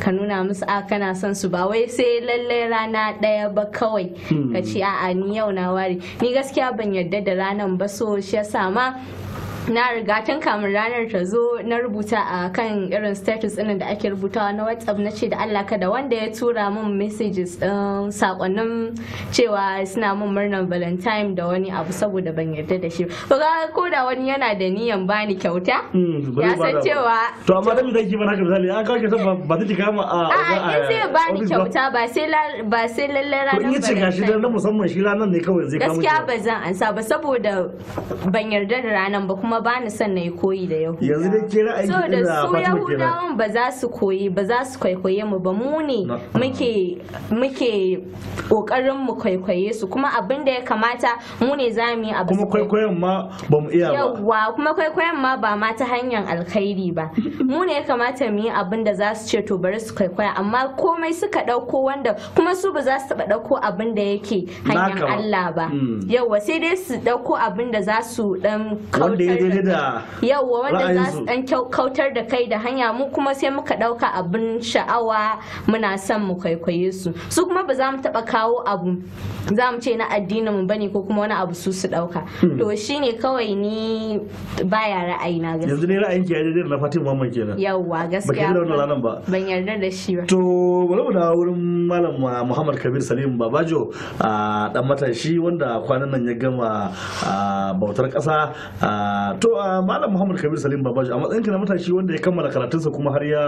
ka nuna musu a kana son su ba wai sai lallai rana ɗaya ba kawai hmm. ka ce a'a ni yau na ware ni gaskiya ban yarda da ranar ba so shi yasa 好吗？na riga tun kamun ranar ta zo na rubuta a kan irin status ɗin da ake rubutawa na whatsapp na ce da allah kada wanda ya tura min messages ɗin sakonnin cewa suna min murnar valentine da wani abu saboda ban yarda da shi to ga ko da wani yana da niyan bani kyauta hmm, ya san cewa to amma da zai kiban haka misali an kawo kyauta ba zai mu a a in zai bani kyauta ba sai ba sai lalle ranar ba ko in ce gashi na musamman shi ranar ne kawai zai kawo gaskiya ba zan ansa ba saboda ban yarda da ranar ba kuma ba ni son na yi koyi da yau. yanzu da kira aiki da su yahudawan ba za su koyi ba za su kwaikwaye mu ba mu ne muke muke kokarin mu kwaikwaye su kuma abin da ya kamata mu ne za mu yi abu kuma kwaikwayon ma ba mu iya ba yawa kuma kwaikwayon ma ba ma ta hanyar alkhairi ba <laughs> mu ne ya kamata mu yi abin da za su ce to bari su kwaikwaya amma komai suka ɗauko wanda kuma su ba za su taɓa ɗauko abin da yake hanyar Allah ba hmm. Yawwa sai dai su dauko abin da za su dan kautar daidai da yawwa wanda za su dan kautar da kai da hanya mu kuma sai muka dauka abin sha'awa muna son mu kwaikwaye su su kuma ba za mu taba kawo abu za mu ce na addinin mu bane ko kuma wani abu su su dauka hmm. to shine kawai ni baya ra'ayi na gaskiya yanzu ne ra'ayin ki daidai da na Fatima Mamman kenan yawwa gaskiya ban yarda da shi ba to bari mu dawo wurin malam ah, Muhammad Kabir Salim Babajo a ah, dan matashi wanda kwanan nan ya gama ah, bautar kasa to malam muhammad kabir salim babaji a matsayin ka na matashi wanda ya kammala karatunsa kuma har ya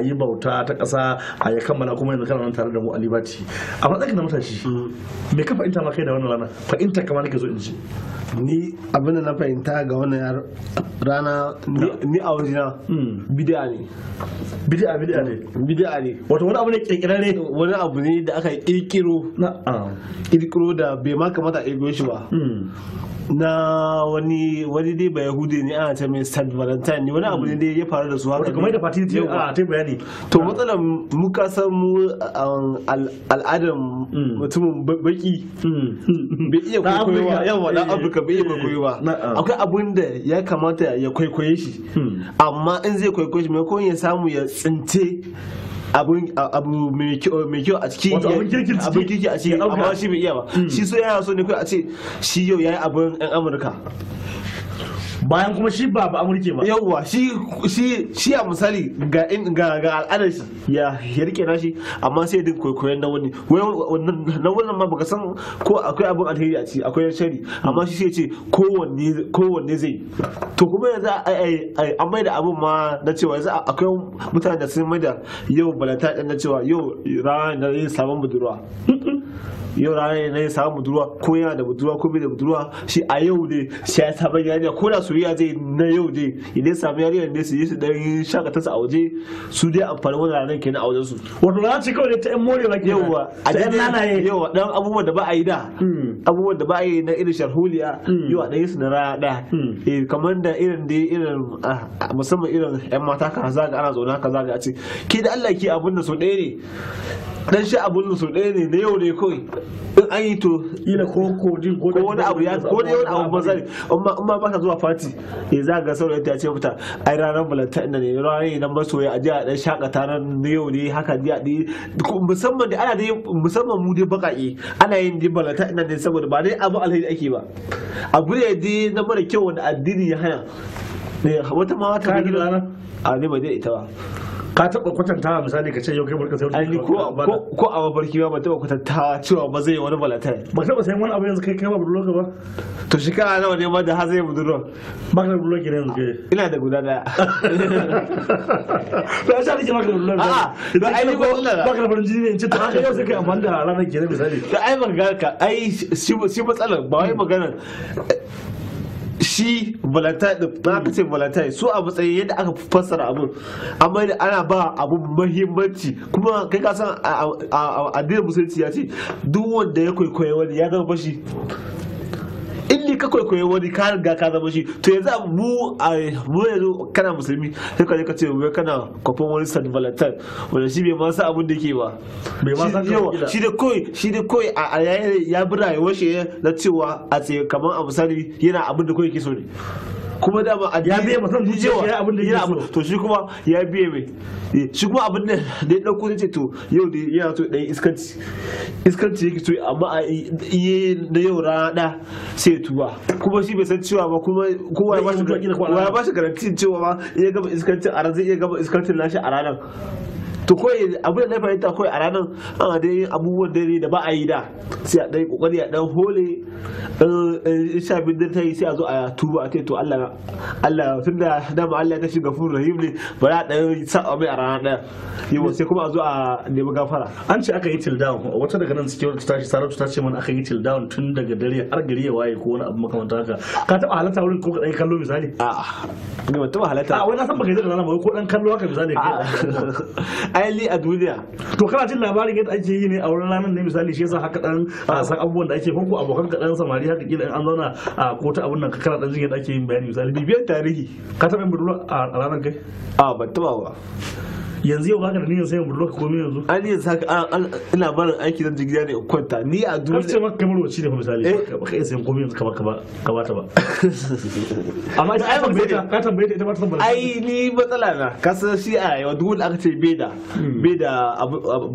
yi bauta ta ƙasa ya kammala kuma yanzu kana nan tare da mu a libati a ka na matashi mm. me ka fahimta ma kai da wannan rana fahimta kamar nake so in ji ni abin da na fahimta ga wannan rana ni a wajena mm. bidiya ne bidiya bidiya ne bidiya ne wato wani abu ne kirkirare wani abu ne da aka kirkiro kirkiro da bai ma kamata a shi ba mm. na wani wani dai ba yahudi ne ana ce mai st valentine ne wani abu ne hmm. dai ya faru da su haka kamar da fati a ta bayani to matsalar mu ka san mu um, al'adar hmm. mutumin baki hmm. bai iya <laughs> kwaikwayowa yawa na afirka bai iya kwaikwayowa akwai abin da ya kamata ya kwaikwaye shi amma in zai kwaikwaye shi maimakon ya samu ya tsinte abu mai kyau a cikin abun kirki a cikin amma shi bai iya ba hmm. shi so yana so ne kai a ce shi yau yayi abin yan amurka bayan kuma shi ba ba amurke ba yauwa shi shi shi a misali ga ga ga al'adar shi ya ya rike nashi amma sai din koyon na wani na wannan ma baka san ko akwai abin alheri a ciki akwai shari amma shi sai ce kowanne kowanne zai to kuma yanzu an mai da abin ma na cewa yanzu akwai mutane da sun mai da yau balanta na cewa yau ranar yin sabon budurwa yau rana na yin samun budurwa ko yana da budurwa ko bai da budurwa shi a yau ne shi ya sabon yarinya ko da soyayya zai na yau ne idan samu yarinya ne su yi su dan yin shakatar su a waje su dai amfani wani ranar kenan a wajen su wato na ce kawai ta yan morewa ke yauwa a dan nanaye yauwa dan abubuwan da ba a yi da hmm. abubuwan da ba a yi na irin sharholiya hmm. yawa dan su na rana da hmm. eh, kamar da irin da irin ah, musamman irin yan mata ka zaga ana zaune haka zaga a ce ke da Allah ke abin da so ɗaya ne dan shi abun su ɗaya ne na yau ne kawai in an yi to ila ko din ko wani abu ya ko da wani abu ba zai amma amma ba ka zuwa fati ya za ga saurayin ta ce mata ai ranar valentine ne ranar ne ba soyayya a jiya dan shakata nan na yau ne haka jiya ne. musamman da ana dai musamman mu dai bakaƙe. ana yin dai valentine ne saboda ba dai abu alheri ake ba abu ne dai na mara kyau wani addini ya hana wata ma wata ne a ne ba dai ita ba ka taɓa kwatanta misali ka ce yau kai burka sai wani ko ko a mafarki ba ba taɓa kwatanta cewa ba zai yi wani balatar ba taɓa sayan wani abu yanzu kai kai ba budurwa ka ba to kana nawa ne ma da har zai budurwa ba ka budurwa ke yanzu ina da guda daya ba sa nake ba ka budurwa ba ai ko ba ka da farin jini ne in ce ta haka yau sai kai amfani da ranar kenan misali da ai magana ka ai shi matsalar ba wai maganar shi volatile din na ka ce volatile su a matsayin yadda aka fassara abun amma da ana ba abun mahimmanci kuma kai ka san addinin musulunci ya ce duk wanda ya kwaikwaye wani ya gama bashi ka kwaikwaye wani ka riga ka zama shi to yanzu mu a mu yanzu kana musulmi sai ka ka ce wai kana kwafin wani san valentine wanda shi bai ma san abin da ke ba bai ma san shi da koi shi da koi a yayin ya bi rayuwar shi na cewa a tsaye kamar a misali yana abin da koi ke so ne kuma a ya biya ba dujewa ya abin da ya abu to shi kuma ya biya mai eh, shi kuma abin da da ya dauko zai to yau da yana to dan iskanci iskanci yake to amma a yi na yau rana sai ya tuba kuma shi bai san cewa ba kuma kowa ya bashi kowa ya bashi garanti cewa ba ya gama iskancin a zai iya gama iskancin nashi a ranar to kawai abu da na fahimta kawai a ranar ana da yin abubuwan dare da ba a yi da sai a ɗan kokari a ɗan hole sha biyar ta yi sai a zo a tuba a ce to Allah Allah tunda dama Allah ta shiga furu rahim ne ba za a ɗan sa'a mai a rana ɗaya yawa sai kuma a zo a nemi gafara an ce aka yi till down wata daga nan cikin wata tashi Saratu ta ce mana aka yi till down tun daga dare har gari ya waye ko wani abu makamanta haka ka taɓa halarta wurin ko ka ɗan kallo misali a'a ne ban taɓa halarta. a wani san baka yi da rana ba ko ɗan kallo haka misali a'a <laughs> ai a duniya to kana jin labarin yadda ake yi ne a wurin ranar ne misali shi yasa haka ɗan a san abubuwan da ake fanko abokan kaɗan samari haka kila in an zauna a ko ta abun nan ka kana dan jinya da ake yin bayani misali bibiyar tarihi ka taɓa yin budurwa a ranar kai a ban taɓa ba yanzu yau baka da niyyar sai burlo ko me yanzu an yanzu haka ina barin aiki zan gida ne kwanta ni a duniya kace maka kamar wacce ne misali eh? baka iya sayan komai yanzu ka baka ka bata ba <laughs> amma ita ai tambaye ta ka tambaye ta ita ba ta tambaye ai ni matsala na ka san shi a yau duk wanda aka ce beda hmm. beda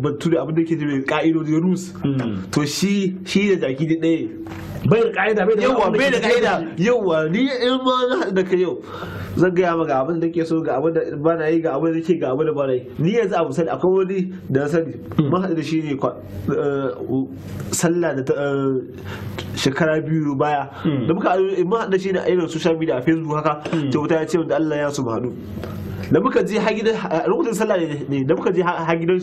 bature abin da yake ce ka'idodi rus hmm. to shi shi da jaki da ɗaya bai da ka'ida bai da yawa bai da ka'ida yawa ni in ma da ka yau zan gaya ma ga abin da ke so ga abin da ba na yi ga abin da ke ga abin da ba na yi ni yanzu abu sani akwai wani da na sani hmm. mun da shi ne eh, sallah da eh, shekara biyu baya hmm. da muka mun haɗu da shi ne a irin social media a facebook haka ta hmm. wuta ya ce da Allah ya su mu haɗu da muka je ha gidan rukunin sallah ne da muka je ha gidan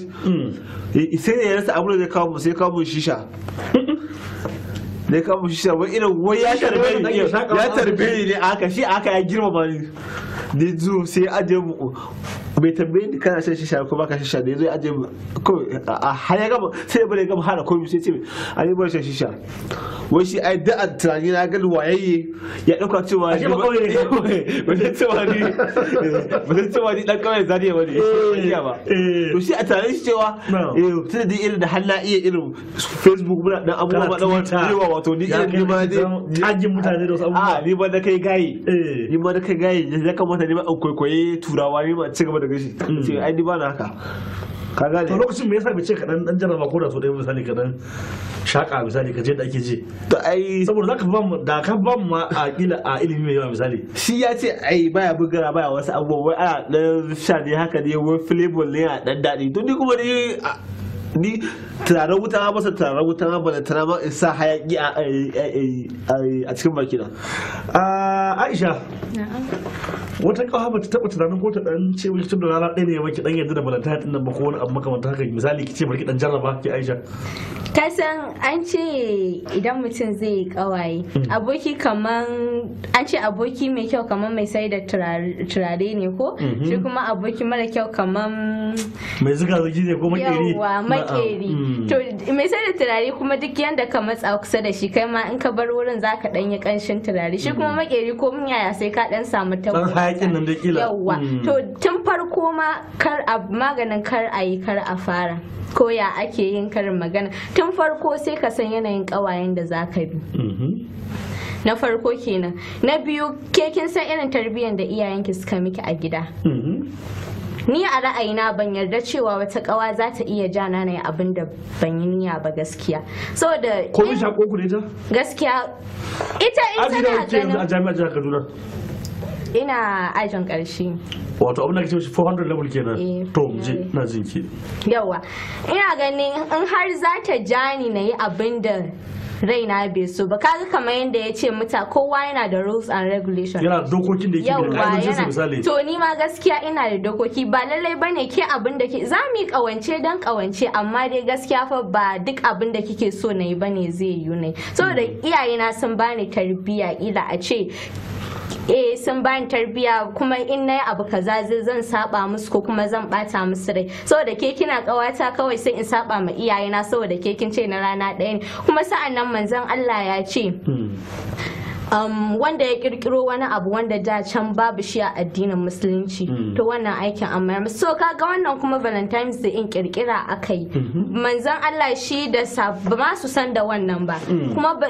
eh, sai ne ya rasa abin da zai kawo mu sai kawo mu shisha <laughs> da ya kama shi sharba irin wai ya tarbe ni ya tarbe ni ne aka shi aka ya girmama ni da zo sai aje mu bai tambaye ni kana shan shisha ko baka shisha da yazo ya aje ko a haya gaba sai bare gaba hana komi sai ce a ne bar shan shisha wai shi ai da tunani na ga wayayye ya dauka cewa ni ba kawai ne <laughs> ba zai cewa ni ba zai cewa ni dan kawai zariya bane ba eh, eh. to shi a tare shi cewa eh tunda da irin da na iya irin facebook muna dan abubuwa ba dan wata yawa wato ni irin ni ma dai ajin mutane da wasu abubuwa a ni ba da kai gayi eh. ni ma da kai gayi ya kamata ni ma an kwaikwaye turawa ni ma ci gaba da gashi sai hmm. ai ba na haka ka gane to lokacin me yasa bai ce kadan dan jarraba ko da so dai misali kadan shaka misali ka je da ake ji to ai saboda zaka ba mu da ka ba mu a kila a ilimi mai yawa misali shi ya ce ai baya bugara baya wasu abubuwa a dan sha ne haka ne wani flavor ne a dan dadi to ni kuma ni ni turaren wuta ma masa turaren wuta ma bane tana ma isa hayaki a cikin baki na aisha wata kawo ba ta taba tunanin ko ta dan ce wani tun da rana ɗaya ne ya baki dan yadda da balanta din nan ba ko wani abu makamanta haka misali ki ce bari ki dan jarraba ki aisha ka san an ce idan mutum zai yi kawaye mm. aboki kaman an ce aboki mai kyau kaman mai sai da turare ne ko mm-hmm. shi kuma aboki mara kyau kaman mai zuga zugi ne ko makeri makeri mm. to mai sai da turare kuma duk yanda ka matsa kusa da shi kai ma in ka bar wurin zaka dan yi kanshin turare shi kuma mm. makeri ko mun yaya sai ka dan samu tabbata dan hayakin nan da kila yawa mm. to tun farko ma kar maganin kar a yi kar a fara ko ya ake yin karin magana tun farko sai ka san yanayin kawayen da zaka bi mm-hmm. na farko kenan na biyu ke kin san irin tarbiyyar da iyayenki suka miki a gida mm-hmm. ni a ra'ayina ban yarda cewa wata kawa za ta iya ja na na abin da ban yi niyya ba gaskiya saboda ko mu shako ku ne ta gaskiya ita ita na ganin a jami'ar jihar Kaduna ina ajin karshe wato abin da kace 400 level kenan eh, to je eh. na jinki yawa ina ganin in har za ta ja ni na yi abin da raina bai so ba kaga kamar yadda ya ce muta kowa yana da rules and regulations yana dokokin da yake da misali to ni ma gaskiya ina da dokoki ba lallai bane ke abin da ke za mu yi kawance dan kawance amma dai gaskiya fa ba duk abin da kike so nayi bane zai yi ne saboda iyayena sun bani tarbiyya ila a ce eh sun bani tarbiya kuma in nayi abu kaza zan saba musu ko kuma zan bata musu rai saboda ke kina kawata kawai sai in saba ma iyayena saboda ke kin ce na rana ɗaya ne kuma sa'an nan manzon Allah ya ce hmm. Um, wanda ya kirkiro wani abu wanda da can babu shi a addinin musulunci mm. to wannan aikin amma so kaga wannan kuma valentines da in kirkira aka yi mm -hmm. manzon Allah shi da ba su san da wannan ba mm. kuma ba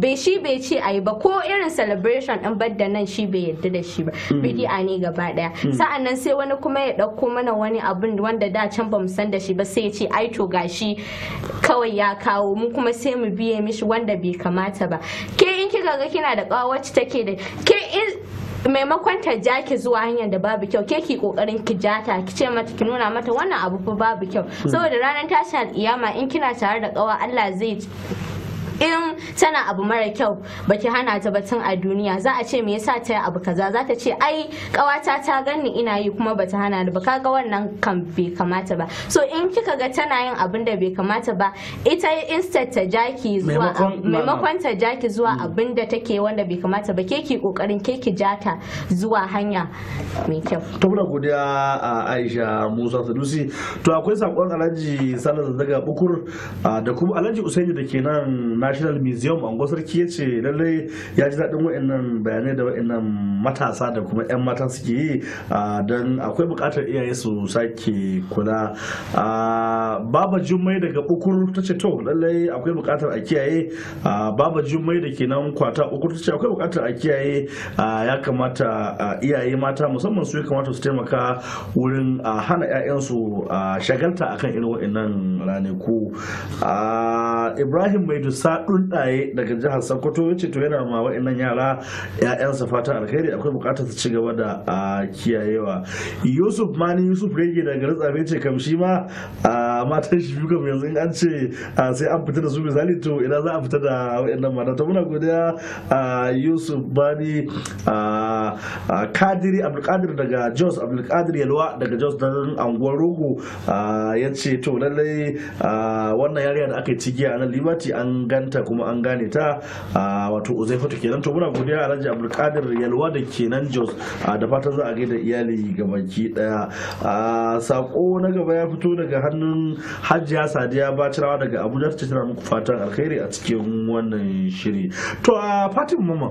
bai shi bai ce a yi ba ko irin celebration din badda nan shi bai yarda da shi ba mm. bidi'a ne gaba daya mm. nan sai wani kuma ya ɗauko mana wani abin wanda da can bamu san da shi ba sai ya ce ai to gashi kawai ya kawo mu kuma sai mu biye mishi wanda bai kamata ba ke in kika ga kina da kawo wacce take da ke maimakon ta ja ki zuwa hanyar da babu kyau ke ki kokarin ki ja ta ki ce mata ki nuna mata wannan abu ba babu kyau mm. saboda ranar tashin iyama, in kina tare da kawa Allah zai in tana abu mara kyau baki hana ta batun a duniya za a ce me yasa ta yi abu kaza za ta ce ai kawata ta ganni ina yi kuma bata hana ni ba kaga wannan kan bai kamata ba so in kika ga tana yin abin da bai kamata ba ita insta ta jaki zuwa maimakon ta jaki zuwa mm. abin da take wanda bai kamata ba ke ki kokarin ke ki jata zuwa hanya mai kyau to muna godiya a Aisha Musa Sadusi to akwai sakon Alhaji Salisu daga Bukur da kuma Alhaji Usaini da ke nan national museum ango sarki ya ce lallai ya ji daɗin wa'annan bayanai da wa'annan matasa da kuma 'yan mata suke yi don akwai buƙatar iyaye su sake kula baba jummai daga ukur ta ce to lallai akwai buƙatar a kiyaye baba jummai da ke nan kwata ukur ta ce akwai buƙatar a kiyaye ya kamata iyaye mata musamman su ya kamata su taimaka wurin hana 'ya'yansu shagalta akan irin wa'annan ranaku ibrahim mai dusa isa ɗunɗaye daga jihar sokoto ya ce to yana ma wa'annan yara 'ya'yansa fatan alheri akwai bukatar su cigaba da kiyayewa yusuf mani yusuf rege daga garin ce kamshi ma matan shi biyu yanzu in an ce sai an fita da su misali to ina za a fita da wa'annan mata to muna godiya yusuf a kadiri abdulkadir daga jos abdulkadir yalwa daga jos don anguwar rogo ya ce to lallai wannan yariya da aka yi cigiya a nan liberty an gan. fahimta kuma an gane ta a wato uzaifatu kenan to muna godiya alhaji abdulkadir yalwa da kenan jos da fatan za a gaida iyali gabaki daya sako na gaba ya fito daga hannun hajiya sadiya bacirawa daga abuja ta tana muku fatan alkhairi a cikin wannan shiri to a fatin mama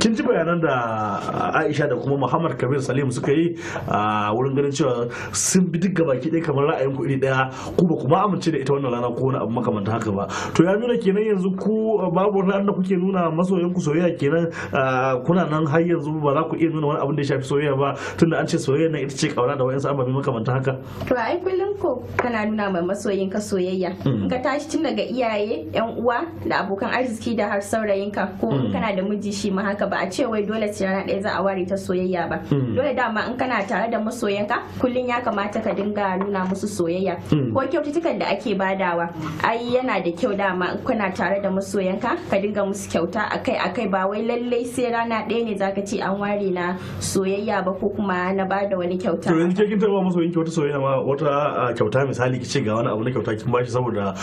kin ji bayanan da aisha da kuma muhammad kabir salim suka yi a wurin ganin cewa sun bi duk gabaki ɗaya kamar ra'ayin kuɗi ɗaya ba kuma amince da ita wannan rana ko wani abu makamanta haka ba to ya nuna kenan yanzu ku eh, babu wani da kuke nuna masoyan ku soyayya kenan ah, kuna nan har yanzu ba za ku iya nuna wani abin da ya shafi soyayya ba tunda an ce soyayya na ita ce kaura da wayansu ababe makamanta haka to ai kullun ko kana nuna ma masoyin ka soyayya mm. ka tashi tun daga iyaye yan uwa da abokan arziki da har saurayin ka ko mm. kana da miji shi ma haka ba a ce wai dole ce rana ɗaya za a ware ta soyayya ba mm. dole dama in kana tare da masoyan ka kullum ya kamata ka dinga nuna musu soyayya ko kyaututtukan da ake badawa ai yana da kyau dama kana tare da masoyanka ka dinga musu kyauta akai akai ba wai lallai sai rana ɗaya ne zaka ce an ware na soyayya ba ko kuma na ba da wani kyauta to yanzu kin taɓa masoyin kyauta soyayya ma wata kyauta misali ki ce ga wani abu na kyauta kin bashi saboda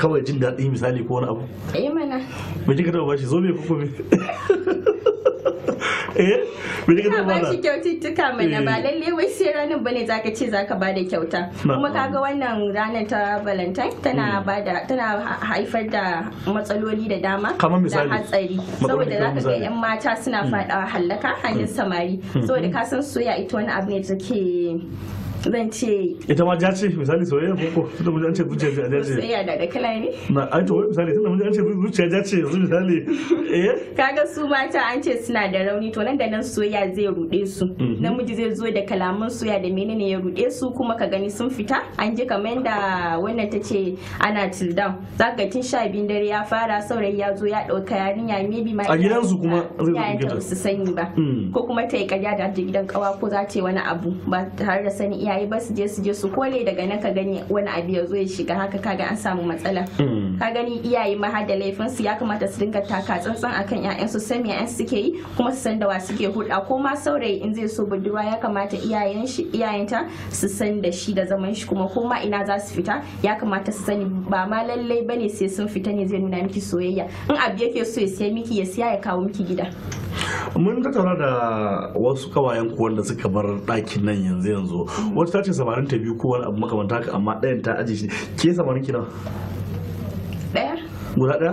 kawai jin daɗi misali ko wani abu eh mana me kika taɓa bashi zo me ko me <laughs> eh ba shi eh. kyaututtuka mana ba lalle wai sai ranar bane zaka ce zaka bada kyauta kuma kaga wannan ranar ta valentine tana hmm. bada tana haifar da matsaloli da dama da hatsari saboda zaka ga yan mata suna hmm. fadawa hallaka hanyar hmm. samari saboda ka san soya ita wani abu ne take zan ce ita ma jace misali soyayya ko ko tunda mun ce zuciya ja soyayya da da kala ne na ai to misali tunda mun ce zuciya jace ce yanzu misali eh kaga su mata an ce suna da rauni to nan da nan soyayya zai rude su mhm. namiji zai zo da kalaman soyayya da menene ya rude su kuma ka gani sun fita an je kamar da wannan ta ce ana till down za tun sha biyun dare ya fara saurayi ya zo ya dauka yarinya maybe ma a gidansu kuma zai zo gidan su sani ba hmm. ko kuma ta yi karya da gidan kawa ko za ta yi wani abu ba tare da sani iya. Yayi ba su je su je su kole daga naka gani wani abu ya zo ya shiga haka kaga an samu matsala hmm. ka gani iyaye ma har da laifin ya kamata su dinga taka tsantsan akan ƴaƴan su san me suke yi kuma su san da wa suke hulɗa ko ma saurayi in zai so budurwa ya kamata iyayen shi iyayenta su san da shi da zaman shi kuma ko ma ina za su fita ya kamata su sani ba ma lallai bane sai sun fita ne zai nuna miki soyayya in abu yake so ya siya miki ya siya ya kawo miki gida mun tattauna da wasu kawayen ku wanda suka bar ɗakin nan yanzu yanzu mm. wata ta ce samarin ta biyu ko wani abu makamanta haka amma ɗayan ta aje shi ke samarin ki nawa ɗaya guda ɗaya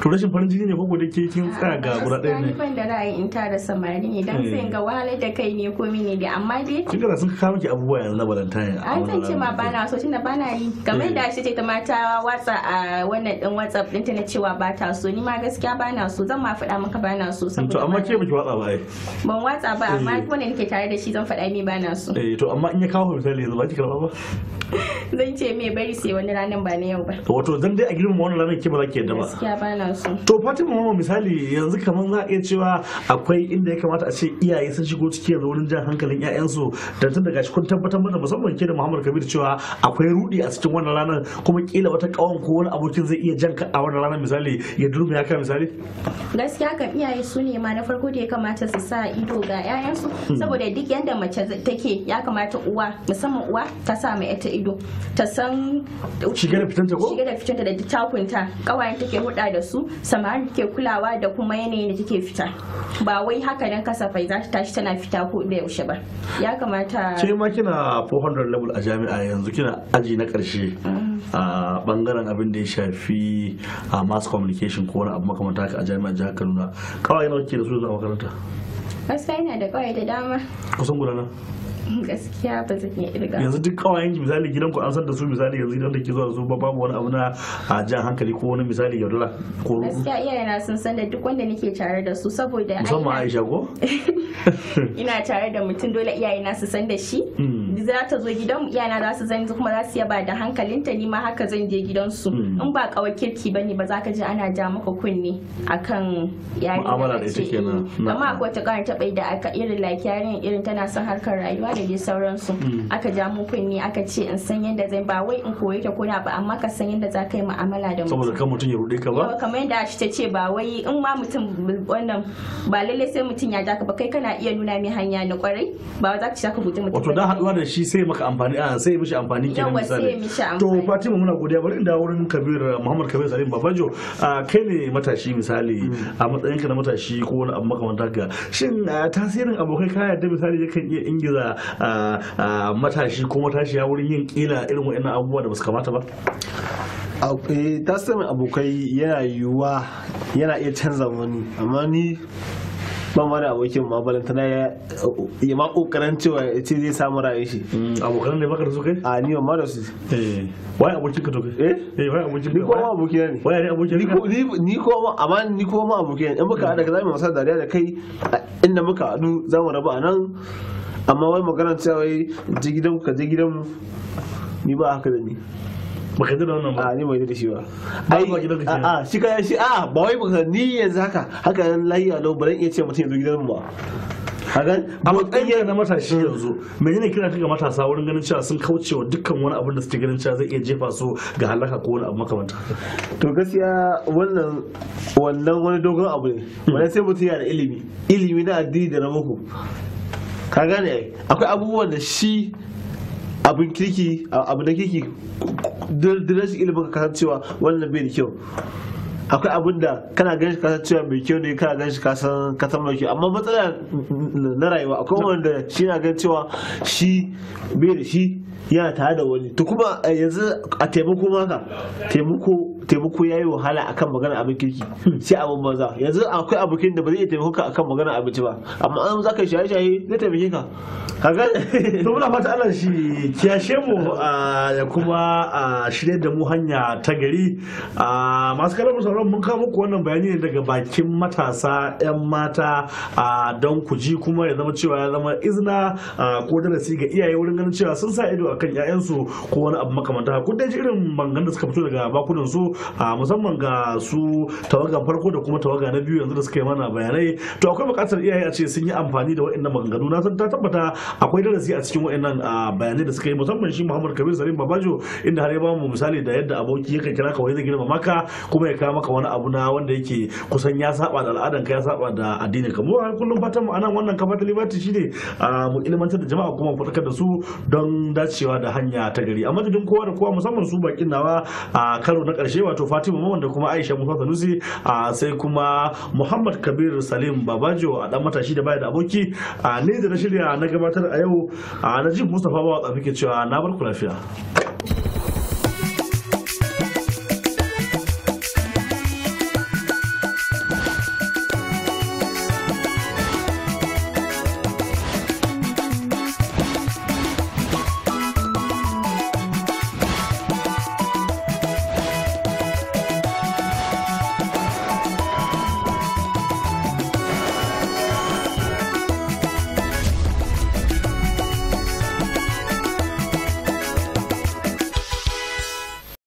to rashin farin jini ne ko da ke kin tsaya ga guda ɗaya ne ban da ra'ayi in tara samari ne dan sai ga wahalar da kai ne ko mini da amma dai kin ga sun kawo miki abubuwa yanzu na valentine a san ce ma bana so tunda bana yi game da shi ce ta mata watsa a wannan din whatsapp din ta na cewa ba ta so ni ma gaskiya bana so zan ma faɗa maka bana so saboda to amma ke baki watsa ba ai ban watsa ba amma eh. wanda nake tare da shi zan faɗa ni bana so eh to amma in ya kawo misali yanzu ba ki karba ba <laughs> zan ce mai bari sai wani ranar ba na yau ba wato zan dai a girmama wani ranar ke ba za ke yadda ba gaskiya ba na so to Fatima mama misali yanzu kaman za a iya cewa akwai inda ya kamata a ce iyaye sun shigo cikin yanzu wurin jan hankalin ƴaƴansu dan tun daga kun tabbatar mana musamman ke da Muhammad Kabir cewa akwai rudi a cikin wannan ranar kuma kila wata kawan ko wani abokin zai iya jan a wannan ranar misali ya durmi ya misali gaskiya kan iyaye su ne ma na farko da ya kamata su sa ido ga ƴaƴansu hmm. saboda duk yanda mace take ya kamata uwa musamman uwa ta sa mai ita ido ta san shiga da fitanta ko shiga da fitanta da takunta kawayen take huda da su samarin take kulawa da kuma yanayin da take fita ba wai haka nan kasafai za ta tashi tana fita ko da yaushe ba ya kamata ce ma kina 400 level a jami'a yanzu kina aji na karshe mm. a bangaren abin da ya shafi a mass communication ko wani abu makamanta ka a jami'ar jihar Kaduna kawai nawa kike da su a makaranta gaskiya yana da kawai da dama kusan gudana <laughs> gaskiya ba zan iya irga yanzu duk kawayen misali gidan ku an san da su misali yanzu idan da ke zuwa su babu wani abu na a jan hankali ko wani misali dula ko gaskiya iyayena sun san da duk wanda nake tare da su saboda musamman Aisha ko <laughs> ina tare da mutum dole iyayena su san da shi hmm. za ta zo gidan iyana za su zan kuma za su yaba da hankalinta ni ma haka zan je gidansu hmm. in ba kawo kirki ba ne ba za ka ji ana ja maka kunne akan yari mu'amala da ita kenan amma akwai wata karin taɓa da aka irin like yarin irin tana son harkar rayuwa da dai sauransu hmm. aka ja mu kunne aka ce in san yadda zan ba wai in koyi ta kuna ba amma ka san yadda za ka yi mu'amala da mutum saboda kan mutum ya rude ka ba kamar yadda ta ce ba wai in ma mutum wannan ba lallai sai mutum ya ja ka ba kai kana iya nuna mai hanya na kwarai ba za ka ci ka buɗe mutum wato da haɗuwa da wannan shi sai maka amfani a sai mishi amfani nan misali to Fatima muna godiya bari in da wurin Kabir uh, Muhammad Kabir Salim Babajo uh, kai ne matashi misali hmm. a matsayinka na matashi ko wani abu makamanta ga shin uh, tasirin abokai ka yadda misali yakan iya ingiza matashi ko matashiya wurin yin kila irin wa'annan abubuwa da basu kamata ba eh, tasirin abokai yana yiwuwa yana iya canza wani amma ni ban wani abokin ma balantana ya ya ma kokarin cewa ya ce zai samu rayu shi mm. abokan ne baka da su kai a ni ma da su eh. wai abokin ka to kai eh, eh wai abokin ni ko ma abokin ne wai ne abokin ni ko ma amma ni ko ma abokin in muka hada ka mu masa dariya da kai inda muka hadu zamu raba anan amma wai magana cewa je gidan ka je gidan mu ni ba haka da ni baka yadda da wannan ba a ni bai da shi ba ai a shi kaya shi a ba wai baka ni yanzu haka haka nan lahiya lau ba iya ce mutum yanzu gidan mu ba hagan a matsayin na matashi yanzu menene kira ga matasa wurin ganin cewa sun kauce wa dukkan wani abin da suke ganin cewa zai iya jefa su ga halaka ko wani abu makamanta to gaskiya wannan wannan wani dogon abu ne Wani sai mutum yana da ilimi ilimi na addini da na muku ka gane akwai abubuwan da shi abin kirki abu na kirki dole su ilimin ka cewa wannan bai da kyau akwai abin da kana ganin shi cewa mai kyau ne kana ganin shi kasan kasan mai kyau amma matsala na rayuwa akwai wanda shi na ganin cewa shi bai da shi yana tare da wani to kuma eh, yanzu a taimako maka taimako taimako ya yi wahala akan magana abin kirki hmm, sai abin banza yanzu akwai abokin da ba zai iya taimako ka akan magana abinci ba amma an za ka shaye shaye zai taimake ka kaga <laughs> to muna fata Allah shi kiyashe mu ya kuma shirye da mu hanya ta gari masu kallon sauran mun kawo muku wannan bayani ne daga bakin matasa yan mata don ku ji kuma ya zama cewa ya zama izina ko darasi ga iyaye wurin ganin cewa sun sa ido akan 'ya'yansu ko wani abu makamanta ku dai ji irin bangan da suka fito daga bakunan su a musamman ga su tawagan farko da kuma tawaga na biyu yanzu da suka yi mana bayanai to akwai bukatar iyaye a ce sun yi amfani da waɗannan maganganu na san ta tabbata akwai darasi a cikin waɗannan bayanai da suka yi musamman shi Muhammad Kabir Salim Babajo inda har ya bamu misali da yadda aboki yakan kira ka wai zai girma maka kuma ya kawo maka wani abu na wanda yake kusan ya saba da al'adan ka ya saba da addinin ka mu har kullum fatan mu anan wannan kafa ta liberty shine mu ilmantar da jama'a kuma fadakar da su don dacewa da hanya ta gari a madadin kowa da kowa musamman su bakin nawa a karo na karshe wato fatima da kuma aisha musa sanusi a sai kuma muhammad kabir salim babajo a dan matashi da baya da aboki ne da na shirya na gabatar a yau a najib Mustafa Bawa tsafi ke cewa na barku lafiya